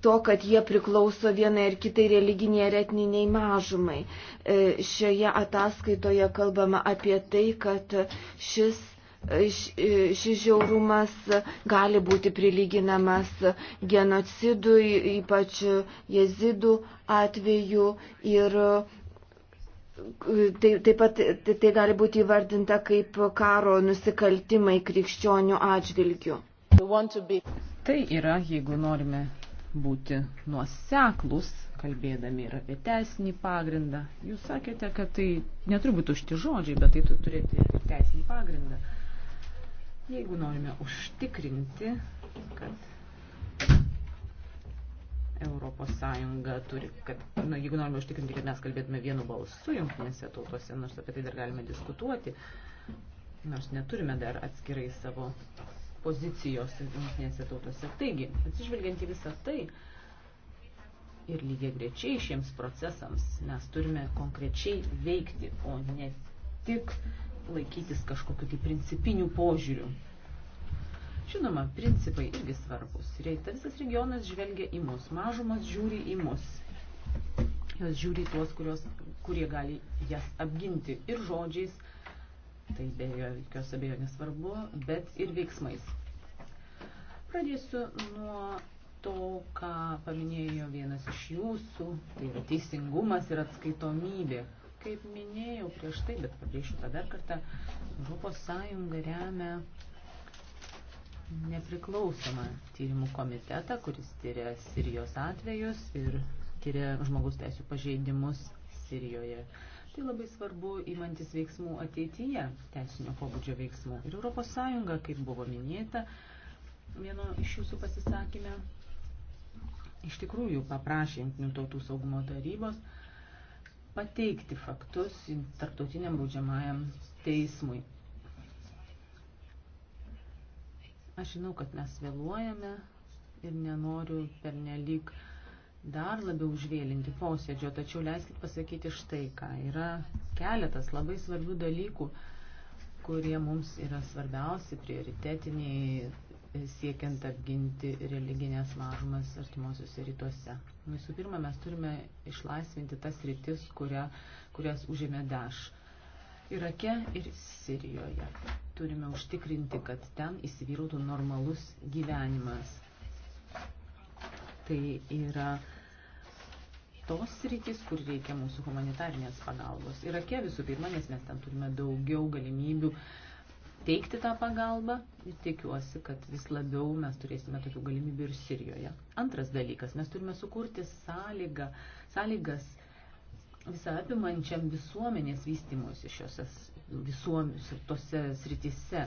to, kad jie priklauso vienai ar kitai religiniai ar etniniai mažumai. E, šioje ataskaitoje kalbama apie tai, kad šis e, e, šis žiaurumas gali būti prilyginamas genocidui, ypač jezidų atveju ir tai, taip pat tai, tai gali būti įvardinta kaip karo nusikaltimai krikščionių atžvilgių. Tai yra, jeigu norime būti nuoseklus, kalbėdami ir apie teisinį pagrindą. Jūs sakėte, kad tai neturi būti užti žodžiai, bet tai tu turėti ir teisinį pagrindą. Jeigu norime užtikrinti, kad Europos Sąjunga turi, kad, na, jeigu norime užtikrinti, kad mes kalbėtume vienu balsu jungtinėse tautose, nors apie tai dar galime diskutuoti, nors neturime dar atskirai savo pozicijos jungtinėse tautose. Taigi, atsižvelgiant į visą tai ir lygiai grečiai šiems procesams mes turime konkrečiai veikti, o ne tik laikytis kažkokiu tai principinių požiūrių. Žinoma, principai irgi svarbus. Reita visas regionas žvelgia į mus, mažumas žiūri į mus. Jos žiūri tuos, kurios, kurie gali jas apginti ir žodžiais, tai be jokios abejonės svarbu, bet ir veiksmais. Pradėsiu nuo to, ką paminėjo vienas iš jūsų, tai yra teisingumas ir atskaitomybė. Kaip minėjau prieš tai, bet pabrėšiu tą dar kartą, Europos Sąjunga remia nepriklausomą tyrimų komitetą, kuris tyria Sirijos atvejus ir tyria žmogus teisų pažeidimus Sirijoje. Uh, Tai labai svarbu įmantis veiksmų ateityje, teisinio pobūdžio veiksmų. Ir ES, kaip buvo minėta, vieno iš jūsų pasisakymė, iš tikrųjų paprašė Junktinių tautų saugumo tarybos pateikti faktus tarptautiniam baudžiamajam teismui. Aš žinau, kad mes vėluojame ir nenoriu pernelyg uh, dar labiau užvėlinti posėdžio, tačiau leiskit pasakyti štai ką. Yra keletas labai svarbių dalykų, kurie mums yra svarbiausi, prioritetiniai, siekiant apginti religinės mažumas artimuosiuose rytuose. Visų pirma, mes turime išlaisvinti tas rytis, kuria, kurias užėmė Daš. Irake ir Sirijoje. Turime užtikrinti, kad ten įsivyrautų normalus gyvenimas Tai yra tos rytis, kur reikia mūsų humanitarnės pagalbos. Irake visų pirma, nes mes ten turime daugiau galimybių teikti tą pagalbą ir tikiuosi, kad vis labiau mes turėsime tokių galimybių ir Sirijoje. Antras dalykas, mes turime sukurti sąlygą, sąlygas visą apimančiam visuomenės vystimuisi šiuose visuomis ir tose sritise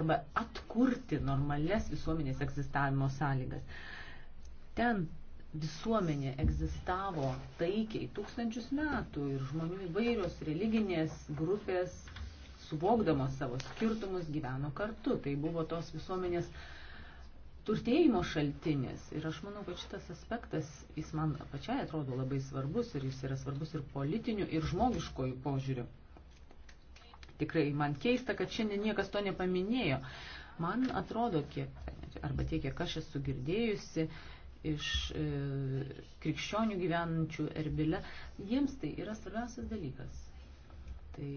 arba atkurti normales visuomenės egzistavimo sąlygas. Ten visuomenė egzistavo taikiai tūkstančius metų ir žmonių įvairios religinės grupės, suvokdamos savo skirtumus, gyveno kartu. Tai buvo tos visuomenės turtėjimo šaltinis. Ir aš manau, kad šitas aspektas, jis man pačiai atrodo labai svarbus ir jis yra svarbus ir politiniu, ir žmogiškojų požiūriu. Tikrai man keista, kad šiandien niekas to nepaminėjo. Man atrodo, kiek, arba tiek, kiek aš esu girdėjusi, uh, iš e, krikščionių gyvenančių Erbile, jiems tai yra svarbiausias dalykas. Tai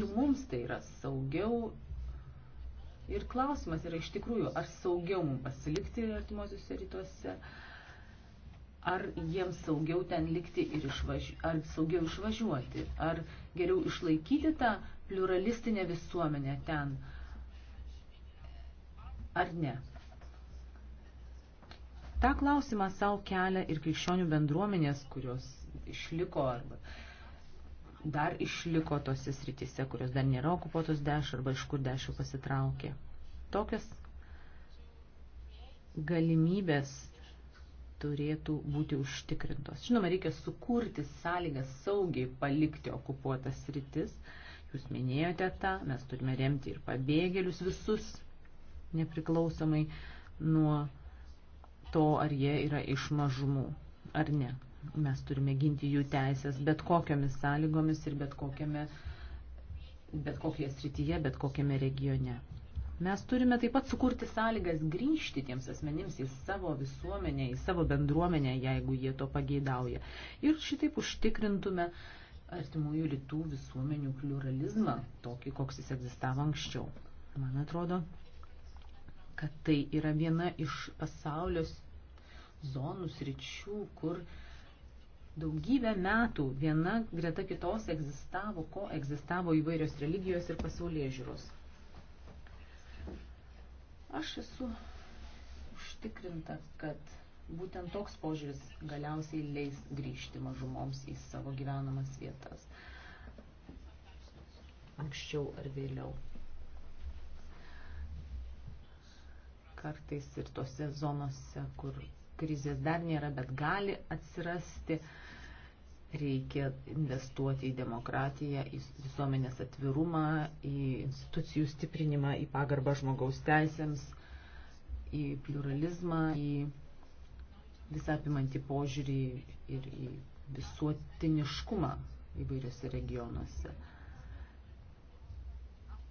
ir mums tai yra saugiau. Ir klausimas yra iš tikrųjų, ar saugiau mums pasilikti artimuosiuose rytuose, ar jiems saugiau ten likti ir išvažiu, ar saugiau išvažiuoti, ar geriau išlaikyti tą pluralistinę visuomenę ten, ar ne. Ta klausimą savo kelia ir krikščionių bendruomenės, kurios išliko arba dar išliko tose srityse, kurios dar nėra okupuotos deš arba iš kur dešių pasitraukė. Tokias galimybės turėtų būti užtikrintos. Žinoma, reikia sukurti sąlygas saugiai palikti okupuotas rytis. Jūs minėjote tą, mes turime remti ir pabėgėlius visus, nepriklausomai nuo to, ar jie yra iš mažumų ar ne. Mes turime ginti jų teisės bet kokiamis sąlygomis ir bet, kokiame, bet kokioje srityje, bet kokiame regione. Mes turime taip pat sukurti sąlygas grįžti tiems asmenims į savo visuomenę, į savo bendruomenę, jeigu jie to pageidauja. Ir šitaip užtikrintume artimųjų rytų visuomenių pluralizmą, tokį, koks jis egzistavo anksčiau. Man atrodo, kad tai yra viena iš pasaulio zonų sričių, kur daugybę metų viena greta kitos egzistavo, ko egzistavo įvairios religijos ir pasaulyje žiūros. Aš esu užtikrinta, kad būtent toks požiūris galiausiai leis grįžti mažumoms į savo gyvenamas vietas. Anksčiau ar vėliau. kartais ir tose zonose, kur krizės dar nėra, bet gali atsirasti, reikia investuoti į demokratiją, į visuomenės atvirumą, į institucijų stiprinimą, į pagarbą žmogaus teisėms, į pluralizmą, į visapimantį požiūrį ir į visuotiniškumą įvairiose regionuose.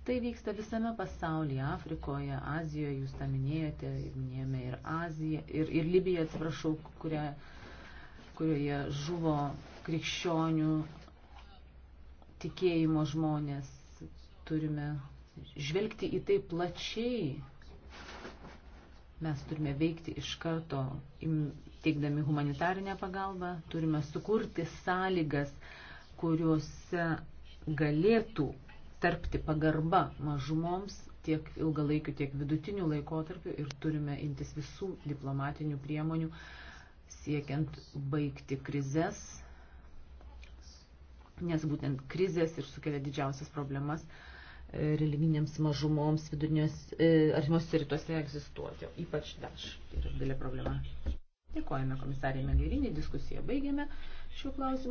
Tai vyksta visame pasaulyje, Afrikoje, Azijoje, jūs tą minėjote, minėjome ir Aziją, ir, ir Libiją, atsiprašau, kuria, kurioje žuvo krikščionių tikėjimo žmonės. Turime žvelgti į tai plačiai. Mes turime veikti iš karto, teikdami humanitarinę pagalbą, turime sukurti sąlygas, kuriuose galėtų tarpti pagarba mažumoms tiek ilgalaikiu, tiek vidutiniu laikotarpiu ir turime imtis visų diplomatinių priemonių siekiant baigti krizės, nes būtent krizės ir sukelia didžiausias problemas e, religinėms mažumoms vidurinės e, artimuose rytuose egzistuoti, ypač daž. Tai yra didelė problema. Dėkojame komisarė Mengerinį, diskusiją baigėme šiuo klausimu.